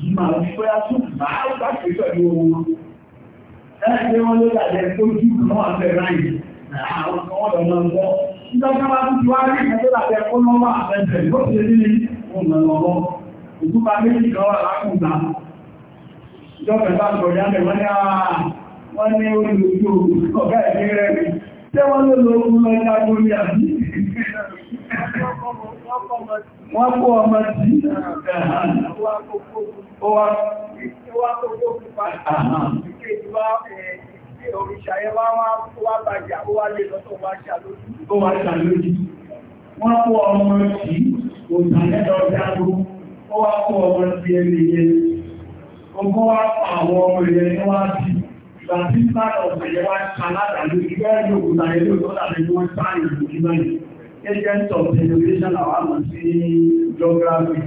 Zúmárùn fẹ́ àtún máa gbà pé pẹ̀lú ohun. Ẹgbẹ́ wọn ló dàjẹ́ tó jù náà fẹ́ ráyìn. Àwọn kan wọ́n lọ máa gbọ́ ìjọba tó ti wá rí ẹjọ́ láti ẹkọ́ lọ́wọ́ àbẹ́bẹ̀ ló ti rí ní ọ̀nà lọ́wọ́ ìtúpa méjì kan wà lákùnlá ìjọba bá sọ ìyáàmẹ̀ wọ́n ní àà wọ́n ní olùdókò ọ̀gá ẹ̀mí rẹ̀ rí tẹ́ wọ́n ló lọ ohun lọ ìyá lórí àbí wọ́n kó ọmọ tí ó wá kó kó òrìṣà yẹn wá wá bàjá ó wá lè lọ́tọ̀ wá ṣàlójú. Wọ́n kó ọmọ sí òtàlẹ́dọ̀ jágbó, ó wá kó ọmọ sí ẹni yẹn. Ogún wá àwọn ọmọ ìyẹn ní wá sí. Ìgbàtí sáàrọ̀ ọ̀sẹ̀ wá ṣàládà lórí bẹ́ẹ̀ ní òkúta ilé òkúta lẹ́nu wọ́n sáàrì ìgbòkí báyìí. Agent of Generation àwọn àmọ̀ sí Geography.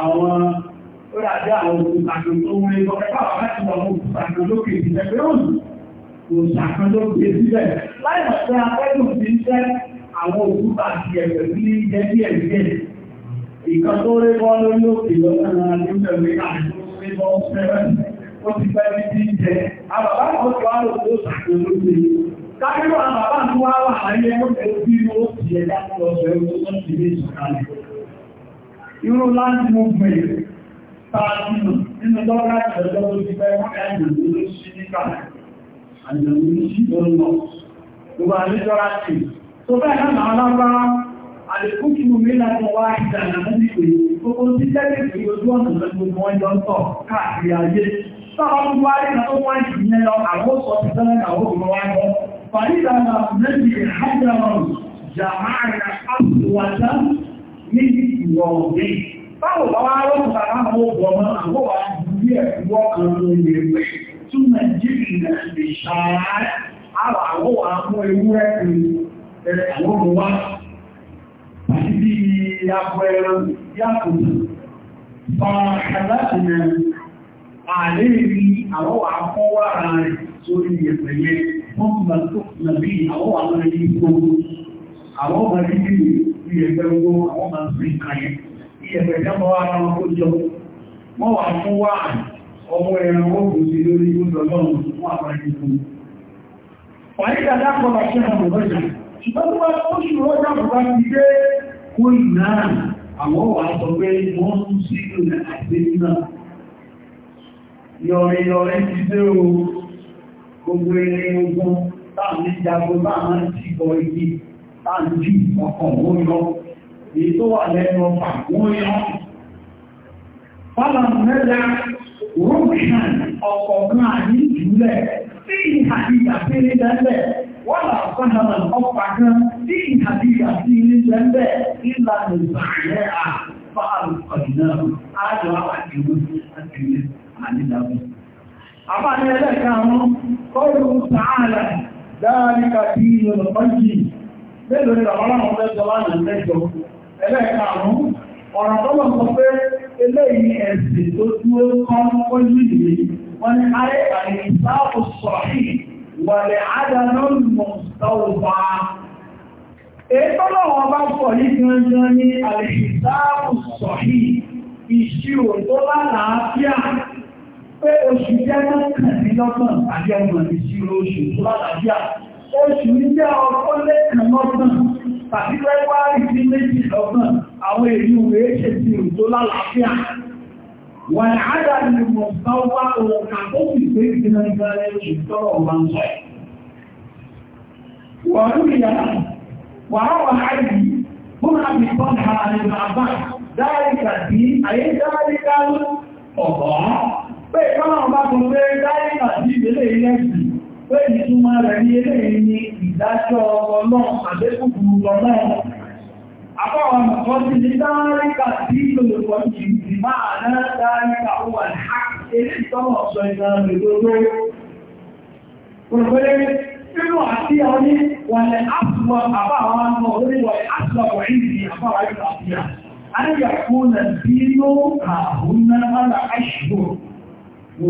Àwọn ó dàbí àwọn òkúta tó wé lọ, ẹgbẹ́ òṣàkan ló gbé síbẹ̀ láì mọ̀ pé akẹ́kọ̀ọ́ ti ń jẹ́ àwọn òkúta àti ẹ̀fẹ̀ ní jẹ́ díẹ̀ díẹ̀ ìkan tó rí bọ́ lórí òkè lọ́sàn án ní ìbẹ̀rẹ̀ àìsàn tó rí bọ́ sẹ́rẹ̀ ó ti fẹ́ ní ti ń jẹ àbàbá kan tó wá lòdì ó ṣàkóso lóde kákẹ́rọ̀ àbàbá tó wá wà láyé ó fẹ́ bí ó ti ẹ̀ láti ọ̀sẹ̀ ó ti lè sọ̀kalẹ̀ irú láti mú gbèrè tààtì nínú lọ́gbàtì ọjọ́ tó ti fẹ́ wọ́n ẹ̀ lòdì ó ṣí níkàlẹ̀ àjọ̀lú sí ọlọ́ gbogbo àríjọra sí tó bẹ́ẹ̀ náà máa lábá àlèkúkìmù mílànà wá ìdànà nípe gbogbo tí tẹ́lẹ̀ pé ojú ọ̀nà lọ́gbọ̀n wọn jọ ń tọ̀ káàkiri ayé sọ́rọ̀ gbogbo ayé na tó wọ́n jù yẹn lọ àwọn sọ ti tẹ́lẹ̀ àwọn òmìnira wá lọ fàyídà náà lẹ́bi ìhájàmọ̀rù jàmáàrà àbùwàdá ní ìwọ̀ òde báwo bá wá lọ́kùnrin àwọn ọmọ àwọn àwọn àbúrí ẹ̀kú ọkàn lóye pẹ̀lú túnmẹ̀ jíìnà ìṣàárá àwọn àwọn àwọn ewúrẹ́ ẹ̀rẹ̀ àwọn ọmọ wá àti bí apọ̀ ẹran yàtùtù pàápàá láti nà ààrẹ rí àwọn àkọwà rẹ̀ sórí ẹ̀pẹ̀lẹ̀ wọ́n kùnmà tó kùnmà bí àwọn àwọn ẹni gbogbo àwọn ọmọ rí bí ẹgbẹ́ gbogbo àwọn ọmọ sí kàyẹ ọmọ ẹran wọ́n kò sí lórí oúnjẹ ọlọ́run fún àpáyé fún un. Fàídà dápọ̀ bá ṣe àwọn ọ̀rọ̀jà, ṣùgbọ́n tó bá ó ṣù rọ́jà bàbá ti dé kó ìnáà àwọn wà sọ pé wọ́n ń sí ìlú àti náà. Yọrin yọrin ti dé o, gbogbo ẹni ogun táàmì jagun náà máa ń ti bọ igi táàmì ọkàn wọ́n yọ. Èyí tó wà lẹ́nu ọkàn wọ́n yọ. Fọ́nà mẹ́ta rúkàn ọ̀kọ̀ọ̀kan àní ìjúlẹ̀ tí ìhàdíyà sí ní jẹ́ńbẹ̀ wọ́n là sọ́nàmà ọ̀pá kan tí sí ní ọ̀dìnà àjọ àti àdìdàbò. eléyìí ẹ̀sìn tó dúró kán pẹ́lú ìlú wọ́n ní ayé àìsá òṣòrí wọ̀lẹ̀ adánọ́lùmọ̀ sọ́wọ́bá ètò lọ́wọ́ bá pọ̀ ní gangan ní àìsá òṣòrí ìṣirò tó lálàáfíà pé oṣù jẹ́ mọ́kànlélọ́gbọ̀n àjẹmọ̀ ìṣirò oṣù tó lálàáfíà oṣù jẹ́ ọkọ́ lẹ́kànlọ́gbọ̀n tàbí lẹ́wàárí sí méjì lọ́gbọ̀n àwọn èrí rẹ̀ ṣe ti rù tó lálàáfíà wà ní àdáni mọ̀ sáwọ́ àwọn kàkókì pé ìgbìnà ìgbàlẹ̀ oṣù tọ́rọ ọ̀gbọ̀n sọ wọ́n rí yàrá wà á wà á yìí bóun àbí tọ́ka àrẹ̀ bàbá dáríkà sí ayé dáríkà ọ̀gbọ̀n pé ìkọ́nà ọba kò pé pé ìtumọ̀ rẹ̀ ní eléyìí ni ìdájọ́ ọlọ́run àdékùnkù ọlọ́run àbáwọn nǹkan ti ní dáríkà tí lòlòpọ̀ jì sí máa náà dáríkà ó wà ní àkéré tọ́wọ́ sọ ìgbà lòlòlò pẹ̀lú nínú àti ọní wọ̀lẹ̀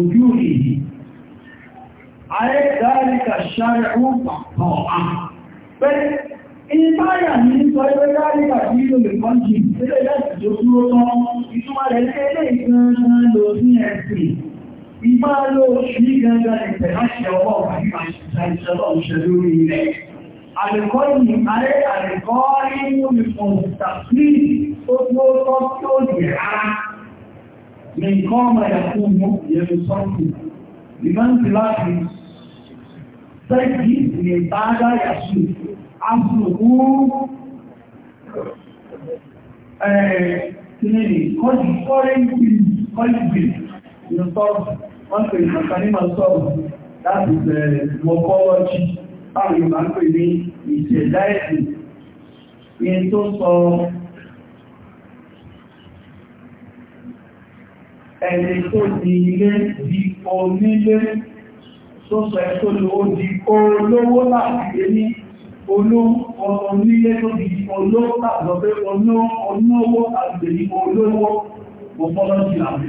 ojú ìdí ayé dáríkà ṣáàrẹ̀ wọ́n pàpọ̀ àà pé ìbáyà ní sọ ẹgbẹ́ dáríkà tí ó lè kọ́njì sílẹ̀ láti tó dúró tán ìtumà rẹ̀ lẹ́lẹ́ ìgbẹ̀rẹ̀ lọ sí ẹ̀sìn ìbá ló ṣí gẹ́gẹ́ ìpẹ̀ láti ọwọ́ tọ́ tí ó yẹ̀ rárá nìkan ọmọ ẹ̀kún mú yẹ̀rù sọ́kùn ìmọ̀ǹtì láti sẹ́kì ní ìbáadá yàṣù asùnkú ẹ̀ẹ̀kìnlẹ̀ kọ́jì kọ́rin kọ́jì ìrìnsọ́rọ̀ wọ́n pè ìmọ̀kanímọ̀ sọ́rọ̀ láti bẹ̀rẹ̀ mọ́kọ́lọ́jì táwọn ìmọ̀ ẹni tó di ilé di onílé tó sọ ẹ tó lò ó di olówó láti lè ní onílé tó di olówó láti lọ pé onówó àti lè ní olówó gbogbo ti làbí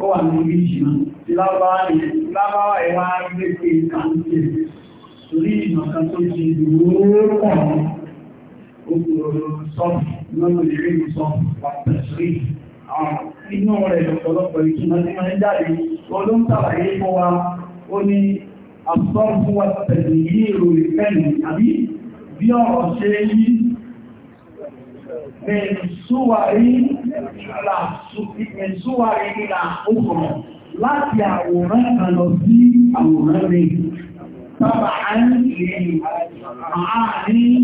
ó wà ní orí ìjìnà tí lábáwá ẹwà gbẹ́gbẹ́ ìkàǹtẹ̀ torí ìmọ̀kan tó ti lòó pọ̀ ó kúrò sọ́ọ̀fù lọ́nà ìrìn sọ́ọ̀fù pàtàkì àwọn inú rẹ̀ lọ́pọ̀lọpọ̀ ìtumọ̀ tí wọ́n ń jáde wọ́n ló ń tàbàyé fún wa ó ní àbúrò fún wa pẹ̀lú yí èrò ìfẹ́lì àbí bí ọ̀rọ̀ ṣe yí mẹ̀súwàrí nílà òkùn láti àwòrán kan lọ sí àwòrán rẹ̀ sábà á ń lè àárín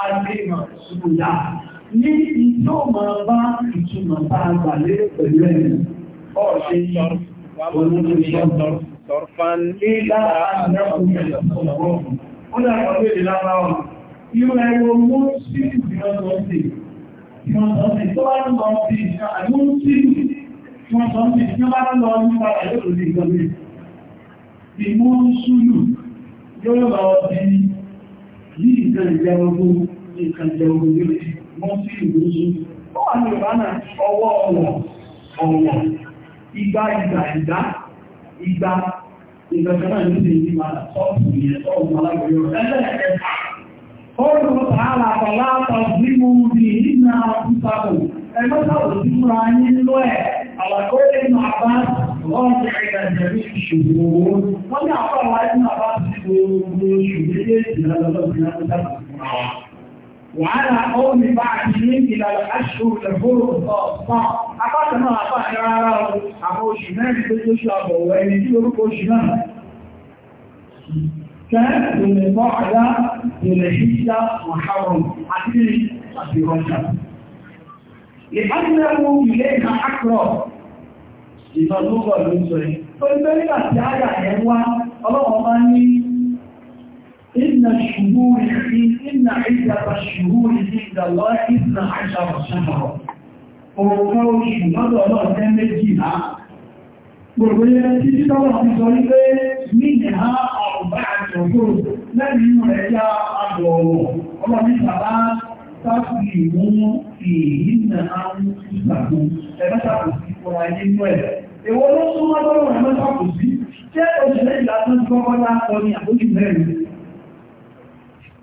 àdébà ṣùgbọ́n ní ìjọ máa bá ìtumọ̀ bá àgbà lérò pẹ̀lú ẹ̀mí ọ̀ṣẹ́ Irú ẹwọ mú sí ìgbìyànjọ́sí, ìgbìyànjọ́sí tó bá ń lọ sí ìṣẹ́ àmú sí ìgbìyànjọ́sí tó bá ń lọ nípa ẹ̀lẹ́rù ní ìgbìyànjọ́sí. Ìmú súlù yóò lọ bí yìí ìkan ìjẹ ogun, ìkan ìjẹ ogun yóò ti wọ́n sí ìlú yìí ó wà ní Yorùbá náà ọwọ́ ọ̀wọ̀ ọ̀wọ̀ ìgbà ìgbà ìgbà ìgbà ìgbàkan náà ní ìdí máa tọ́pù yẹn tọ́pù alágbèrè ẹlẹ́ẹ̀kẹta Kọ́lù tààlà pàlá ní ìnà àkúsàkù, ẹgbẹ́ sàwọ̀ sí ní àbá ọ̀rọ̀ ìrìnàjẹ̀rí ìṣòro. Wọ́n ní àpá àwọn ẹgbẹ́ àbá ti gbogbo oṣù méjèèjì lọ́lọ́lọ́ وعلى قوم بعدهم إلى الأشهر الحرم أقاط ما يا رب أقول شمال بيش أبو وين يركو شمال كان من بعد الحجة محرم عدل في رجب لأنه إليها أقرب لتنظر نظر من سوري فالبالي أتعالى أيوة الله أماني إن الشهور إن عدة الشهور عند الله إثنى عشر شهرا Òrùkọ́ oṣù lọ́dọ̀ ọlọ́rọ̀ tẹ́ méjìlá. Gbogbo ilẹ̀ tí títọ́rọ̀ ti sọ wípé ní ìhá àrùbá àti ògbòrò lẹ́rin inú rẹ̀ yá àgbọ̀ ọ̀wọ̀. Ọlọ́ ní bàbá sáàkì ìwọ̀n èyí nà áwọn ìgbàgbọ́n ẹgbẹ́sàkò sí fọ́ra ilé ẹ̀.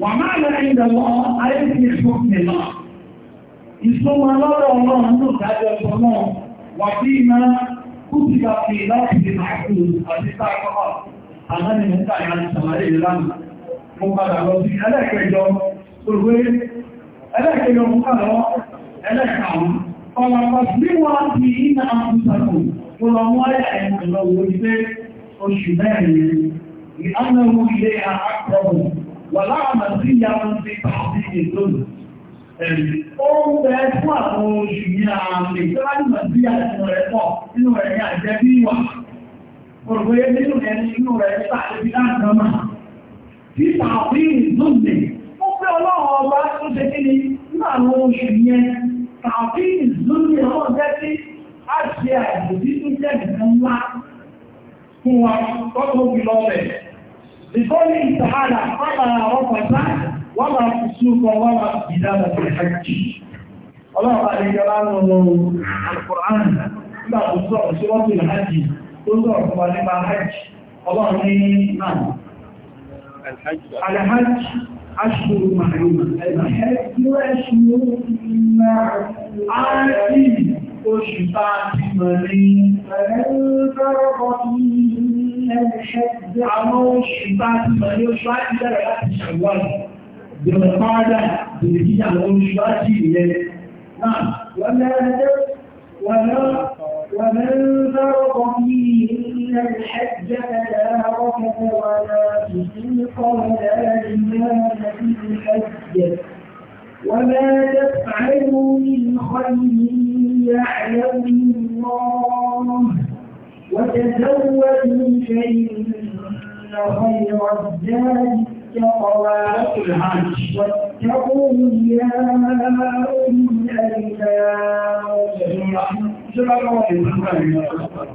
wà máa lẹ́rẹ́ ìdẹ̀lọ́ ayé ti ìfòkè náà ìsúnmọ́ lọ́rọ̀ ọlọ́run tó dájọ́ ẹ̀kọ́ náà wà bí iná kú ti bá fi láti fi máa kú àti sáàkọ́ àmọ́ ni mo tàyà ní sàmárè ìlànà mo padà lọ sí ẹlẹ́kẹjọ òwe ẹlẹ́kẹjọ mo kà lọ ẹlẹ́kàrún ọ̀nà pàṣẹ wọn ti iná àkúsàkù mo lọ mú ayà ẹ̀mọ̀ lọ wo ilé oṣù mẹ́rin ìhánà mú ilé àkọ́kọ́ wà láàmà sí ìyàwó ti pàtí ìgbòrò ó ń bẹ fún àwọn oṣù ní àmì ìgbàlájúmọ̀ sí àìsàn rẹ̀ pọ̀ nínú rẹ̀ ní àjẹ́ bí wà òrògbé nínú rẹ̀ nínú rẹ̀ pàtàkì láàrín ọmọ títà sí ìdúnlé ó pé ọlọ́run ọba tó ṣe kí ni nínú àwọn oṣù yẹn tàbí ìdúnlé ọlọ́run jẹ́ sí á ṣe àìsàn títún jẹ́ nìkan ńlá fún wa tọ́tún fi lọ bẹ̀rẹ̀ لقوله تعالى وما رفض وما فسوق وما جدال في الحج الله قال جلاله القرآن لا تصدق سورة الحج تصدق ولما حج الله نعم الحج الحج أشهر معلومة الحج أشهر معلومة عادي وشفاعة مريم فلن ترضى فيه àwọn ìgbà ti mọ̀ ní oṣù láti bẹ̀rẹ̀ láti ṣàwọ́lù ìrọ̀ pàádà ìrìn jíjà lọ oṣù láti ìyẹn náà wọ́n lẹ́rẹ̀ ومن فرض فيه إلا الحج فلا رفث ولا فسوق ولا جمال في الحج وما تفعلوا من خير يعلم الله وتزودوا فإن خير الزاد التقوى واتقوا يا أولي الألباب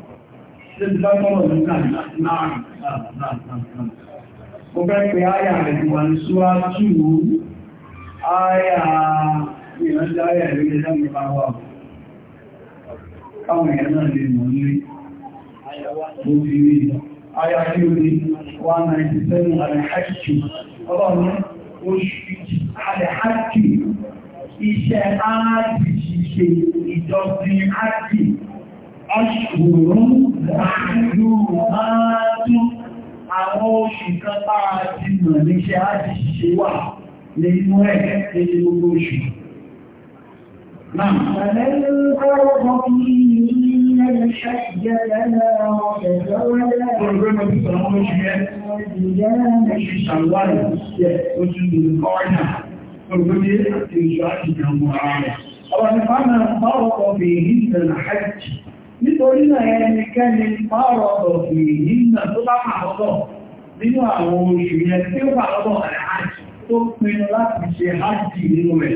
Mo fẹ́ pé áyà rẹ̀ wà ní ṣúwájú áyà ìrìnàjò áyà ìrìnàjò ìbáwà. Káwọn ìyẹn náà lè mọ̀ nílé mo ti rí ayá kí o ní 197 alẹ́hàkì ọlọ́run oṣù alẹ́hàkì iṣẹ́ áàdì ṣíṣe ìjọsìn áàdì ọṣùrún láàrú áàdù àwọn oṣù kan bá ti mọ̀ níṣẹ́ áàdì ṣíṣe wà nínú ẹ̀ nínú oṣù نعم فمن فرض فيه الحج لنا وتزوج ويقول النبي صلى الله عليه وسلم والبدء استنشاق المعارض طبعا فما فرض الحج nínú àwọn oṣù yẹn tí ó pàtọ́ àìhájì tó pinnu láti ṣe hájì nínú rẹ̀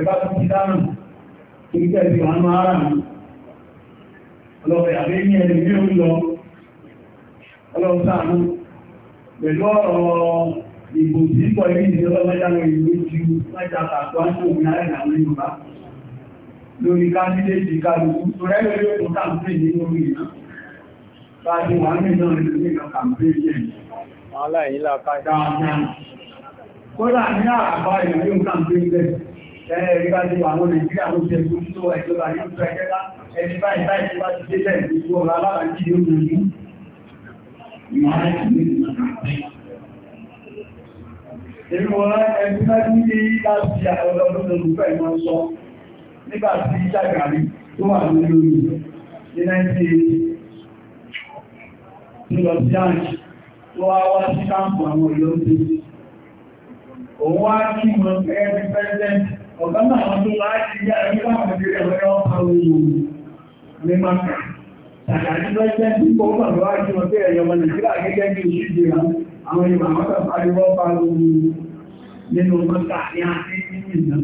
ẹ̀bá tó ti dáná torí pé ẹ̀sìn wọn ara mi ọlọ́pẹ̀ àbẹ́ ní ẹni ní òun lọ ọlọ́sàánú pẹ̀lú ọ̀rọ̀ ìbò tí pọ̀ ní ìdílọ́mọ́jáwọ̀ ìlú ju májàkàtò áṣòwò náà ẹ̀nà àwọn Yorùbá lórí káńdídéètì kálukú tó rẹ́lẹ̀ yóò tó kàǹpé nínú ìná bá ti wà nínú ìlú kàǹpé yẹn kódà ní àbá ìlú kàǹpé yẹn ẹ̀rí bá ti wà àwọn nàìjíríà ló ṣe fún tó ẹ̀jọba ní ọjọ́ ẹgbẹ́lá ẹni báyìí báyìí bá ti dé lẹ́yìn tó ọ̀rọ̀ alábàájí ló mú ní ìwọ̀n ẹni bá ní ní láti ọlọ́dún olùfẹ́ ìwọ̀n sọ nígbà tí ṣàgàrí tó wà lórí ní 1980 ní lọ sí àjì tó wá wá sí káàmù àwọn ìlọ́sí òun wá kí wọn ẹgbẹ́ pẹ́sẹ́ntì ọ̀gá náà tó láti jẹ́ àríkà àwọn ẹ̀rọ ọ̀pọ̀lọpọ̀ ní maka tàbí lọ́jẹ́ tí kò wà lọ́wọ́jú ọdẹ́ ẹ̀yọ ọmọ nàìjíríà gẹ́gẹ́ bí ìṣíjì ra àwọn ìmọ̀ àwọn àríwọ́ bá lórí nínú maka ní àti ìrìnà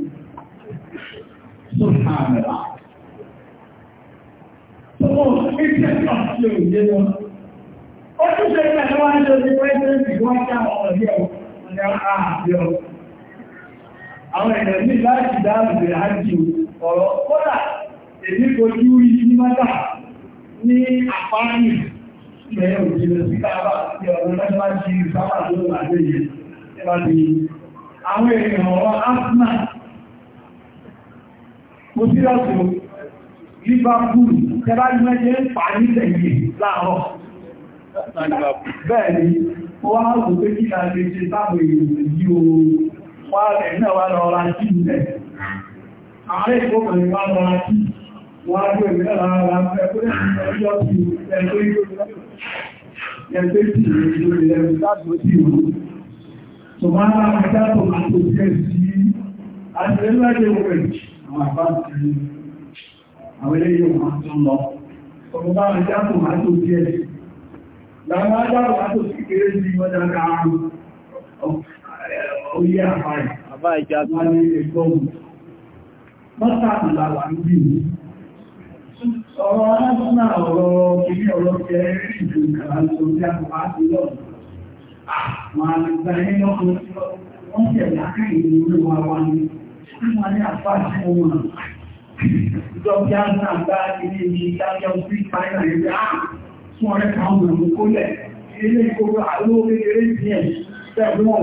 àwọn èèyàn ní láti dáàbùgbé àjò ọ̀rọ̀ kọ́dà èmi kojú rí ní mọ́tà ní àpáàní ilẹ̀ òjìlẹ̀ sí káàbà àti ọ̀rọ̀ lẹ́gbàá jí sábà tó làgbé yìí ẹgbà bí àwọn èèyàn ọ̀rọ̀ asma mo sí lọ́sọ̀ Liverpool tẹ́lá ní mẹ́jẹ́ ń pa ní tẹ̀yìn láàárọ̀ bẹ́ẹ̀ ni wọ́n á wò wá rẹ̀ náà wá lọ ra sí ilẹ̀ ààrẹ ìfòkànlẹ̀ wá lọ ra sí wọ́n á gbé ìrìnlẹ̀ lára ra ẹgbẹ́ ìjọ́ sí ẹgbẹ́ ìjọ́ Ọmọ bá ń já tòmátò díẹ̀. Láwọn ajáàrùn-ún àtòsí kéré sí ọjà káàrùn-ún orí ọ̀rọ̀ alágbọ́nà ọ̀rọ̀ kìí ọ̀rọ̀ jẹ́ ìrìnjò kàrà lórí àpapá sí lọ́nà àwọn àgbà ẹ̀yọ́ ní orí wa wá wọ́n ní àpá sí wọn ìjọba náà bá ilé ní kólẹ̀ ilé ìkóró àlóòrè eré díẹ̀ tẹ̀lé wọn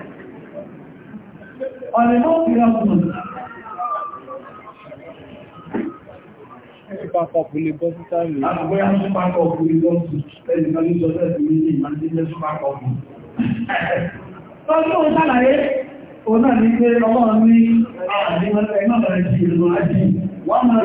ọ̀rẹ́ ló fi rọ̀gùn Ìpapọ̀pù lè bọ́ sí táàrí. Àgbẹ́ àṣípapọ̀pù lè bọ́ sí ẹni kan ní sọ́jọ́ ìsinmi ní ìmọ̀ sípapọ̀pù. Tọ́jú òun sálàyé, òun náà ní pé ọmọ ní ààrín ọ̀rẹ́ náà rẹ̀ sí ìlú ajíì. Àtọ́wà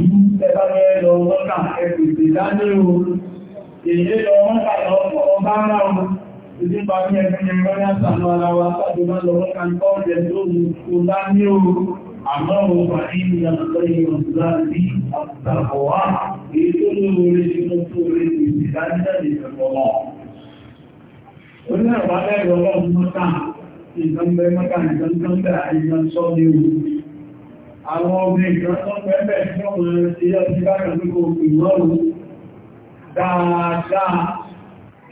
ní ẹbá mẹ́lọ mọ́ta ẹgbẹ̀gbẹ̀ dání o, èyí lọ mọ́ta lọ́pọ̀ ọba náà Jadi bá ní ẹgbẹ́ yẹn rọ́yá sànú ara wa sáàdé máa lọ́wọ́ kan kọ́ jẹ tó mú kó lá ní o, àmọ́ o bà ní ìyàtọ̀ ìrọ̀ láti àtàkọ̀wá, èyí tó ló rí inú sholat. rí ìdájáde mereka semua ẹ̀wà lẹ́rọ mengikuti mọ́ta, dasar.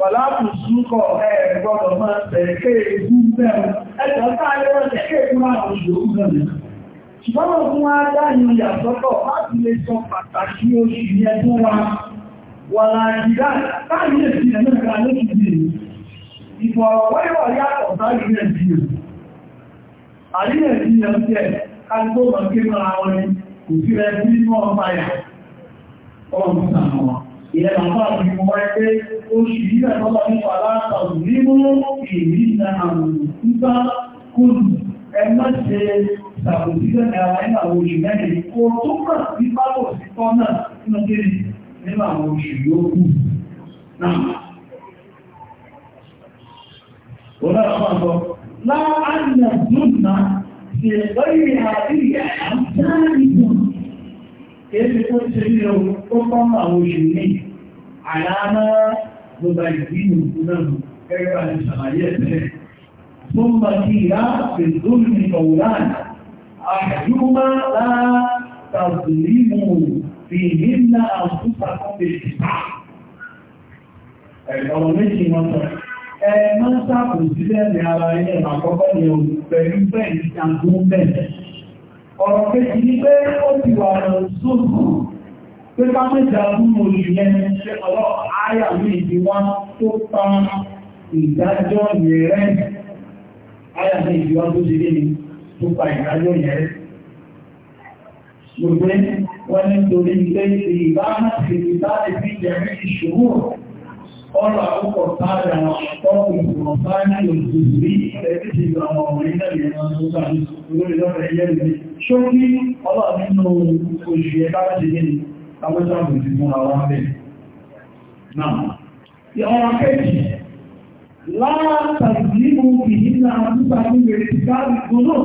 wà láàpù súnkọ̀ ẹ̀gbọ́dọ̀ máa tẹ̀ẹ̀kẹ́ ìgbú bẹ̀rún ẹjọ́ táàrẹ́ ọ̀tẹ̀kẹ́ ìgbú àwọn ìṣòro náà ṣùgbọ́n fún wá dáyìn ìyàsọ́tọ̀ láti lè sọ pàtàkì oṣù yẹn tó wá wà láàrídá táàrí èsì ẹ̀mẹ́ta lóṣù bí ìfọ̀rọ̀wẹ́wọ̀ yàtọ̀ táàrí èsì ẹ̀ àríyẹ̀ sí ẹ̀ ń tẹ́ kágbó mọ̀ kí mọ́ra wọn ni kò sí ẹ̀ sí ìyẹn àwọn àfihàn wáyé pé oṣù yìí náà lọ́wọ́ nípa aláàtà òmìnirú èyí na àwọn ìgbà kóòlù ẹ má ṣe ṣàbòsílẹ̀ ara nínú àwọn oṣù mẹ́rin kó tó mà sí pápọ̀ sí tọ́ náà nínú kéré nínú àwọn oṣù yòókù náà. Ọ̀la àwọn àgbọ̀ láàárín àdúrà ṣe lọ́yìn àdúrà àdáyébọ̀n kéèsì tó ti rí ohun tó kọ́mọ àwọn oṣù ní àyàmá gbogbo ìgbìyànjú òkú náà gẹ́gẹ́ bá ti ṣàlàyé ẹ̀sẹ̀ tó ń bá ti ìyá pẹ̀lúmi ọ̀wùrán àyàjúmá látàbùlímù fi nílá àtúntà tó lè ní ọ̀rọ̀ kejì ní pé ó ti wà lọ sóòtù pé ká mẹ́jà fún olùyẹn ṣe ọ̀rọ̀ àyà ní ìdí wọn tó pa ìdájọ́ yẹrẹ àyà ní ìdí wọn tó ṣe dé ní tó pa ìdájọ́ yẹrẹ gbogbo wọn nítorí pé ìbámu ti ìbámu ti jẹ̀rí ìṣòro ọ̀rọ̀ àkókò tààrà ọ̀pọ̀ ìfọ̀nfà ní òṣèlú ìfẹ́ títí àwọn ọmọ ilẹ̀ ìrìnàjò ṣó kí ọlọ́run nínú oṣù ẹ̀ká láti gẹ́ni tàbátàbù ti mú àwọn abẹ́ náà ìwọ̀n akẹ́kì látàbí mú kì í na àtúgbà ní ìrètí káàrí gbóná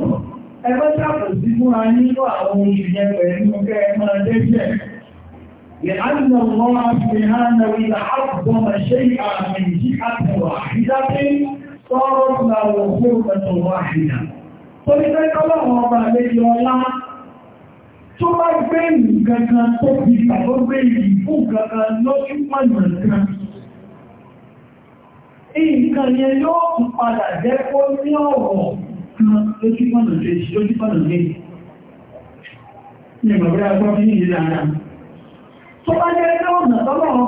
ẹgbẹ́ tàbí sí múra nínú àwọn oṣù yẹn pẹ̀lú ọkẹ́ ẹ̀mọ́ ẹ̀dẹ́jẹ̀ لأن الله سبحانه إذا عظم شيئا من جهة واحدة صارت له حرمة واحدة torí tó bá gbé ìlú gangan tó fi tàbí gbé ìlú gangan lójú pọ̀nà kan nǹkan yẹn yóò tún padà jẹ́ kó ní ọ̀rọ̀ kan lójú pọ̀nà kejì lójú pọ̀nà kejì ní ìgbàgbé agbọ́ ní ìlànà tó bá jẹ́ pé ọ̀nà tọ́lọ́wọ́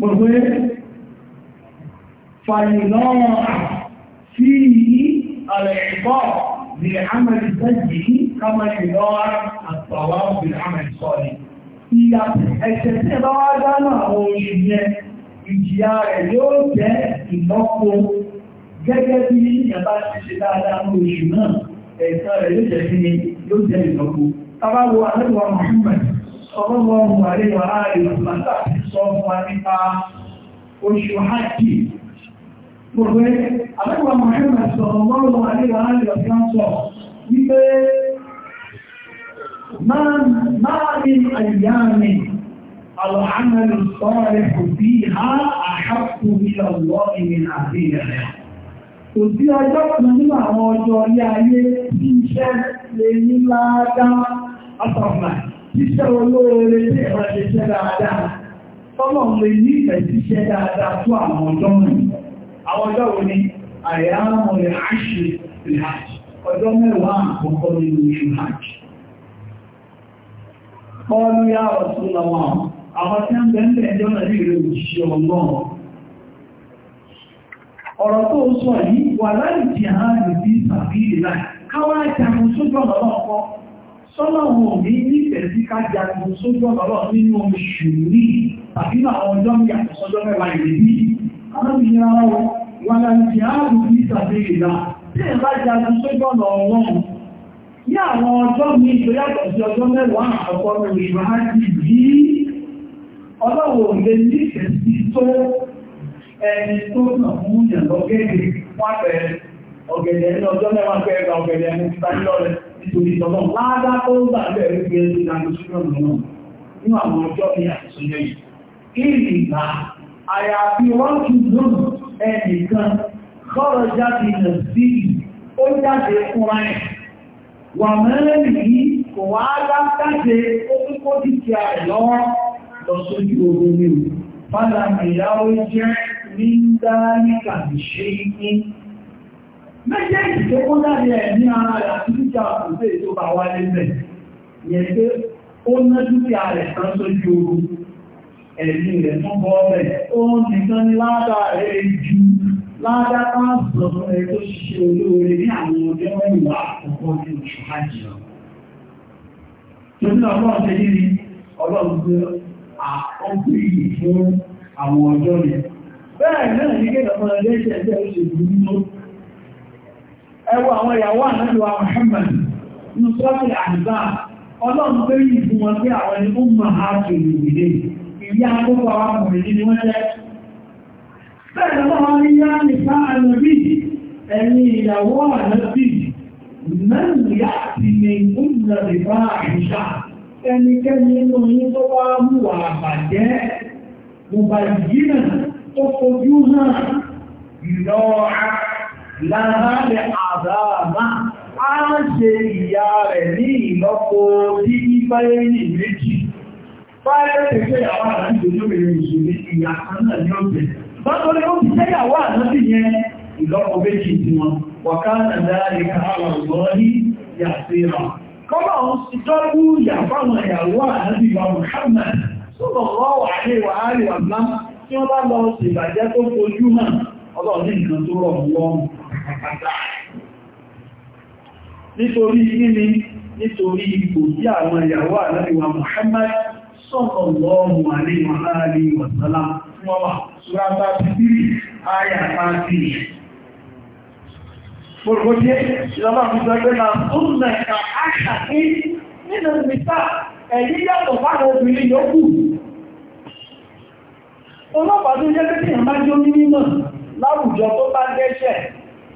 gbogbo fàìlọ́wọ́ sí àrẹ̀ẹ̀kọ́ bí àmàrí sẹ́jì kámàrí lọ́wọ́ àtọ̀wọ́ bí àmàrí sọ́ọ̀lẹ̀ ìyà ẹ̀ṣẹ̀ tí ẹ bá wá dánà àwọn orin yẹn ìjìyà rẹ̀ yóò jẹ́ ìlọ́po gẹ́gẹ́ bí ìyàbá ti ṣe dáadáa ní sọ fún wa nípa oṣù hajji gbogbo àbẹ́gbà Muhammad sọ̀rọ̀ mọ́rùn àríwá àríwá tí wọ́n sọ wípé máa ní àyàmì alhàmàlì sọ́rẹ̀ kò bí ha àhàkù ilẹ̀ ọ̀wọ́ ìrìn àti ìrẹ̀ kò sí ọjọ́ kan nínú àwọn ọjọ́ orí ayé iṣẹ́ lè tí ìrọ̀ṣẹ̀ṣẹ́ dáadáa tọ́lọ̀ lè ní ẹ̀síṣẹ́ dáadáa tó àwọn ọjọ́ rìn àwọn ọjọ́ wo ni àyàmọ̀ rẹ̀ àṣì ìhàjì ọjọ́ mẹ́wàá àkọ́kọ́ nínú ìhàjì pọ́ọ̀lú yá ọ̀tún lọ́wọ́ àwọn tí ń bẹ̀ẹ̀bẹ̀ ẹjọ́ náà rí rẹ̀ òṣìṣẹ́ ọlọ́run ọ̀rọ̀ tó sọ yìí wà láì jì sọ́nà wọn ní nífẹ̀ẹ́ sí ká jagun sójú ọ̀nà ọlọ́run nínú oṣù ní tàbí àwọn ọjọ́ ní àtọ̀sọ́jọ́ mẹ́wàá ìrèbí alábìnrin ara wọn wọn la ti ààrùn ní ìsàbí ìlà tí ẹ bá jagun sójú ọ̀nà ọlọ́run ní àwọn ọjọ́ mi tó yàtọ̀ sí ọjọ́ mẹ́wàá àkọ́kọ́ ní oṣù hajj yìí ọlọ́run ò lè nífẹ̀ẹ́ sí tó ẹni tó nà mú yàn lọ́gẹ́gẹ́ wọn bẹ̀rẹ̀ ọ̀gẹ̀dẹ̀ ní ọjọ́ mẹ́wàá nítorí tọ́lọ́ láàdá tó ń gbà bẹ̀rẹ̀ pé ẹni ìdájú sílẹ̀ mìíràn nínú àwọn ọjọ́ ní àtúnṣe yìí kí ìgbà àyàfi wọ́n ti dùn ẹnìkan kọ́rọ̀ jáde nà sí ó jáde fúnra ẹ̀ wà mẹ́rin yìí kò wá lájáde ó tún kó méjèèjì tó kó jáde ẹ̀ ní ara rẹ̀ àti dúkìá òṣèlú tó bá wá lẹ́sẹ̀ yẹn pé ó ná dúkìá rẹ̀ kan sójú ooru ẹ̀mí rẹ̀ tó bọ́ ọ̀bẹ̀ ó ń nìkan ní ládà rẹ̀ ju ládà pàṣẹ rẹ̀ tó ṣe olóore ní àwọn ọjọ́ ẹwọ àwọn ìyàwó ànájọwà Muhammad ní sọ́ọ̀tì àdìbá ọlọ́run pé yìí fún wọn pé àwọn ẹni fún mọ̀ á tó lòdìdè ìrí àkókò àwọn ọmọdé ni wọ́n jẹ́ bẹ́ẹ̀ lọ́wọ́ ní yá nípa ànábì ẹni ìyàwó ànábì mẹ́rin yá ìlọ́ra láàárẹ̀ àdáàmá á ṣe ìyá rẹ̀ ní ìlọ́po bí i báyé ní méjì báyé tẹ̀kẹ́ ìyàwó àdájú olóòrè ìṣòrí ìyà kan náà ní ọ̀bẹ̀ bátorí ó ti tẹ́yàwó àdájú yẹn ìlọ́po méjì tí wọn wọ̀ká nàdáàrí káàrọ̀ lọ́rí yàtíra kọ́bà ń sọ́rú ìyàfáwọn ìyàwó àdájú ìwà Muhammad sọ́bọ̀ lọ́wọ́ àríwá àríwá nítorí kíni nítorí ipò tí àwọn ìyàwó àlẹ́wà Muhammad sọ́kọ̀ lọ́ọ̀mù àlẹ́wà láàrin wàtàlá fún ọwà ṣúrábá ti bí àyà àti Gbogbogbé ìjọba ìjọba na ọ̀nà ka àṣàkí nínú mìta ẹ̀yí yàtọ̀ bára obìnrin yóò Ọlọ́pàá tó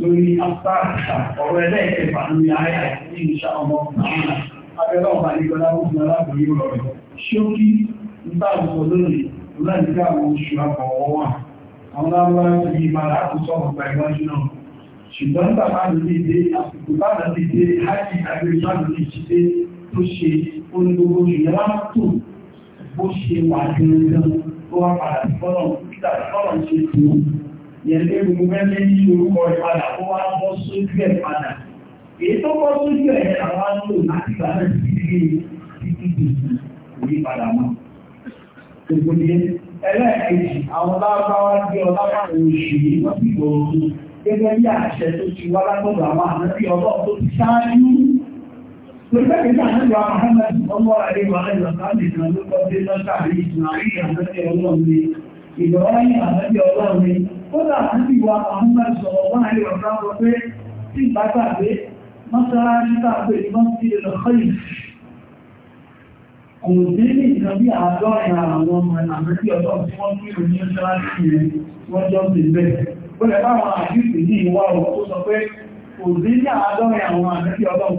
lórí afárá ọ̀rọ̀ ẹlẹ́ẹ̀kẹfà ní àyà ní ìṣà ọmọ náà abẹ́lá ọba nígbàlá fún aláàbòyí rọrọ̀ ṣókí nígbà àwùjọ lónìí láìka àwọn oṣù àkọ̀wọ́ wà àwọn lábára ti máa lákòóso ọ̀gbà iwájú náà ṣùgbọ́n bàbá mi lè dé àsìkò bàbá mi dé ájì àgbẹ̀ bàbá mi ti dé tó ṣe onígbogbo ìyẹn látò bó ṣe wà gẹ́gẹ́ tó wá padà fọ́nà yẹ̀lẹ́ gbogbo mẹ́lẹ́ ní orúkọ ìpadà ó wá bọ́ sójú ẹ̀ padà èyí tó bọ́ sójú ẹ̀ àwọn àlò láti gbà náà ti di títí di òní padà mọ́ gbogbo ní ẹlẹ́ẹ̀kejì àwọn lábáwá gbé ọlá fáwọn oṣù yìí wọ́n sì gbọ́ ọdún gẹ́gẹ́ bí àṣẹ tó ti wá látọ̀dọ̀ àwọn àmọ́bí ọlọ́run tó ti ṣáájú lórílẹ̀-èdè àjọ àmọ́bí ọmọ àríwá ìlọ̀ká nìkan ló kọ́ dé lọ́sàrí ìsìn àríyànjẹ́ ọlọ́run ìlọ́rin àmọ́bí ọlọ́run ni ó dà ń bí wa àwọn mẹ́sọ̀rọ̀ wọ́n àrí ọ̀gá wọ pé tí ìgbàgbàgbé mọ́sálásí tàbí ìmọ́sí ìlọ́kọ́yì kò dé ní ìkan bí àádọ́rin àwọn ọmọ àmọ́bí ọlọ́run tí wọ́n kúrò ní mọ́sálásí rẹ̀ wọ́n jọ sí bẹ́ẹ̀ ó lẹ báwọn àdíṣì ní ìwà ọ̀rọ̀ tó sọ pé kò dé ní àádọ́rin àwọn àmọ́bí ọlọ́run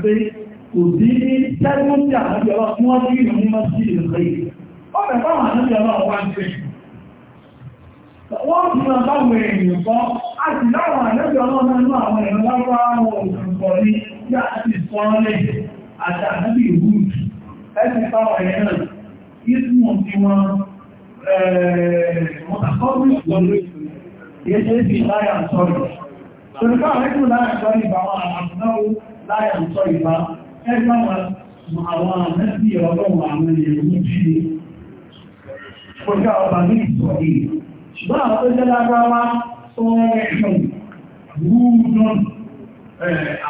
tẹ́kùn kò sí ní sẹ́gbọ́ntì àti ọlọ́ tí wọ́n tí ìrìn mọ́ sí ìrìn ọ̀rẹ́ báwọn àti ọlọ́ wá ń tẹ̀ wọ́n ti máa báwọn èèyàn kan a sì láwọn àlẹ́bí ọlọ́run nínú àwọn èèyàn lápá àwọn òṣùpọ̀ ní bí a ti sọ ọ́ lẹ̀ àti àlẹ́bí ìwúd ẹ̀sìn táwọn èèyàn náà ìsìnkú tí ẹgbà àwọn àmẹ́sí ọlọ́run àwọn èèyàn jí ní ọjọ́ ọba ní ìsọ̀rí ṣùgbọ́n àwọn tó jẹ́ lágbàwá tó rẹ̀ṣùn rúrùn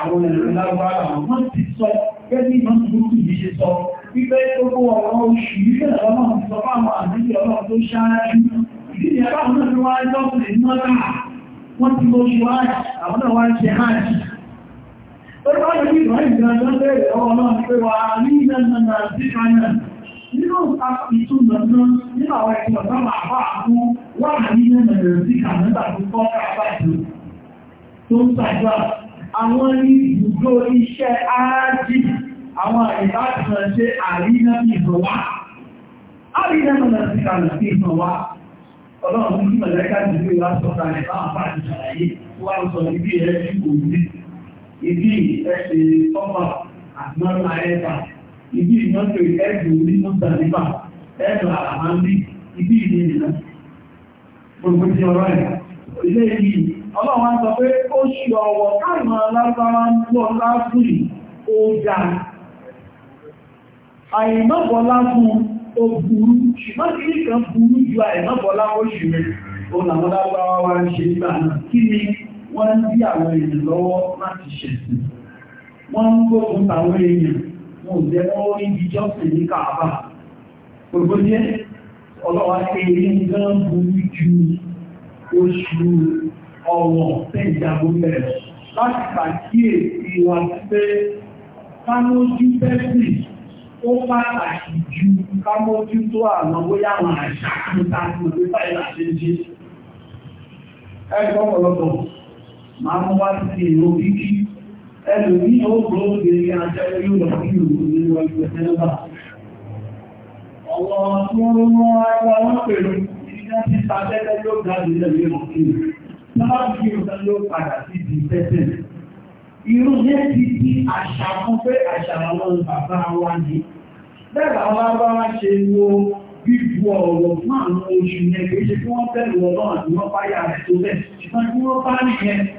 àwọn èèyàn lágbàwá wọ́n ti sọ gẹ́gẹ́ ìmọ̀ tuntun yìí ṣe sọ wípé gbogbo ọ̀rọ̀ oṣù yìí ọlọ́run sọ fáwọn àmẹ́sí ọlọ́run tó ṣáájú ìdí ni ẹ̀bá àwọn náà wọ́n ti lọ ṣe wáyé àwọn náà Nínú ìtumọ̀ náà nínú àwọn ìtumọ̀ náà máa bá àwọn wà ní ẹ̀nà ìrìnṣíkà nígbà tó kọ́ káàbà jù tó ń sàjọ́ àwọn ní ìbùdó iṣẹ́ áájì àwọn ìbátan ṣe àríná ìbọ̀wá. Àríná ìrìnṣíkà ní ìbọ̀wá ọlọ́run ní mọ̀lẹ́kà ìgbé wá sọ́ta ẹ̀ ibi ẹ̀ṣẹ̀ ọmọ àgbọ́nà ẹ̀bà ibi ìmọ́tò ẹ̀dùn onímọ́tà nípa ẹ̀bà àmàlì ibi ìdíyìnà gbogbo ti ọ̀rọ̀ ẹ̀ ilé yìí ọlọ́wọ́n sọ pé ó ṣe ọwọ́ káàmà lágbára ń pọ̀ lágùn ó ga àìmọ́bọ̀lá fún ó burú ṣùgbọ́n kí ní kan burú ju àìmọ́bọ̀lá ó ṣùgbọ́n ó làwọn lágbára wá ń ṣe nígbà náà kí ni wọ́n ń dí àwọn èèyàn lọ́wọ́ láti ṣẹ̀sìn wọ́n ń gbógun tàwọn èèyàn wọn ò jẹ́ wọ́n rí ìjọ sí ní káàbà gbogbo jẹ́ ọlọ́wà eré gan burú ju oṣù ọ̀wọ̀ tẹ́jàgbó bẹ̀rẹ̀ láti pàkíyèsí wa pé kámójú pẹ́sì ó pàtàkì ju kámójú tó àwọn bóyá àwọn àṣà tó ta ní ọdún ẹgbọ́n ọ̀pọ̀lọpọ̀ máa mú wá sí èrò kíkí ẹlò ní ó gbóògbé ní ajẹ́ yóò lọ sí ìlú ní wájú ẹ̀sẹ̀lẹ́bà ọ̀wọ́ tí wọ́n rú mọ́ ara wọn pẹ̀lú iná ti pàtẹ́tẹ́ yóò gáàdì di tẹ́tẹ́ irú yẹ́ ti di àṣà fún pé àṣà àwọn bàbá wa ni bẹ́ẹ̀ làwọn bá wá ṣe wo bíbu ọ̀rọ̀ fún àwọn oṣù yẹn kì í ṣe kí wọ́n tẹ̀lé ọlọ́run àti wọ́n bá yà rẹ̀ tó bẹ́ẹ̀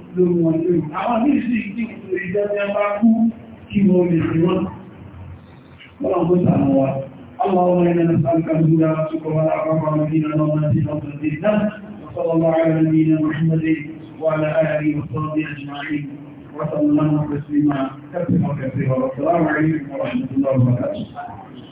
lórí wọn lórí àwọn ní sí ìdí ìtòrí jẹ́ bá kú kí wọ́n lè fi wọ́n wọ́n kó sànà wa اللهم إنا نسألك الهدى والتقى والعفو والدين اللهم اهدنا وسددنا وصلى الله على نبينا محمد وعلى آله وصحبه أجمعين وسلم تسليما كثيرا كثيرا والسلام عليكم ورحمة الله وبركاته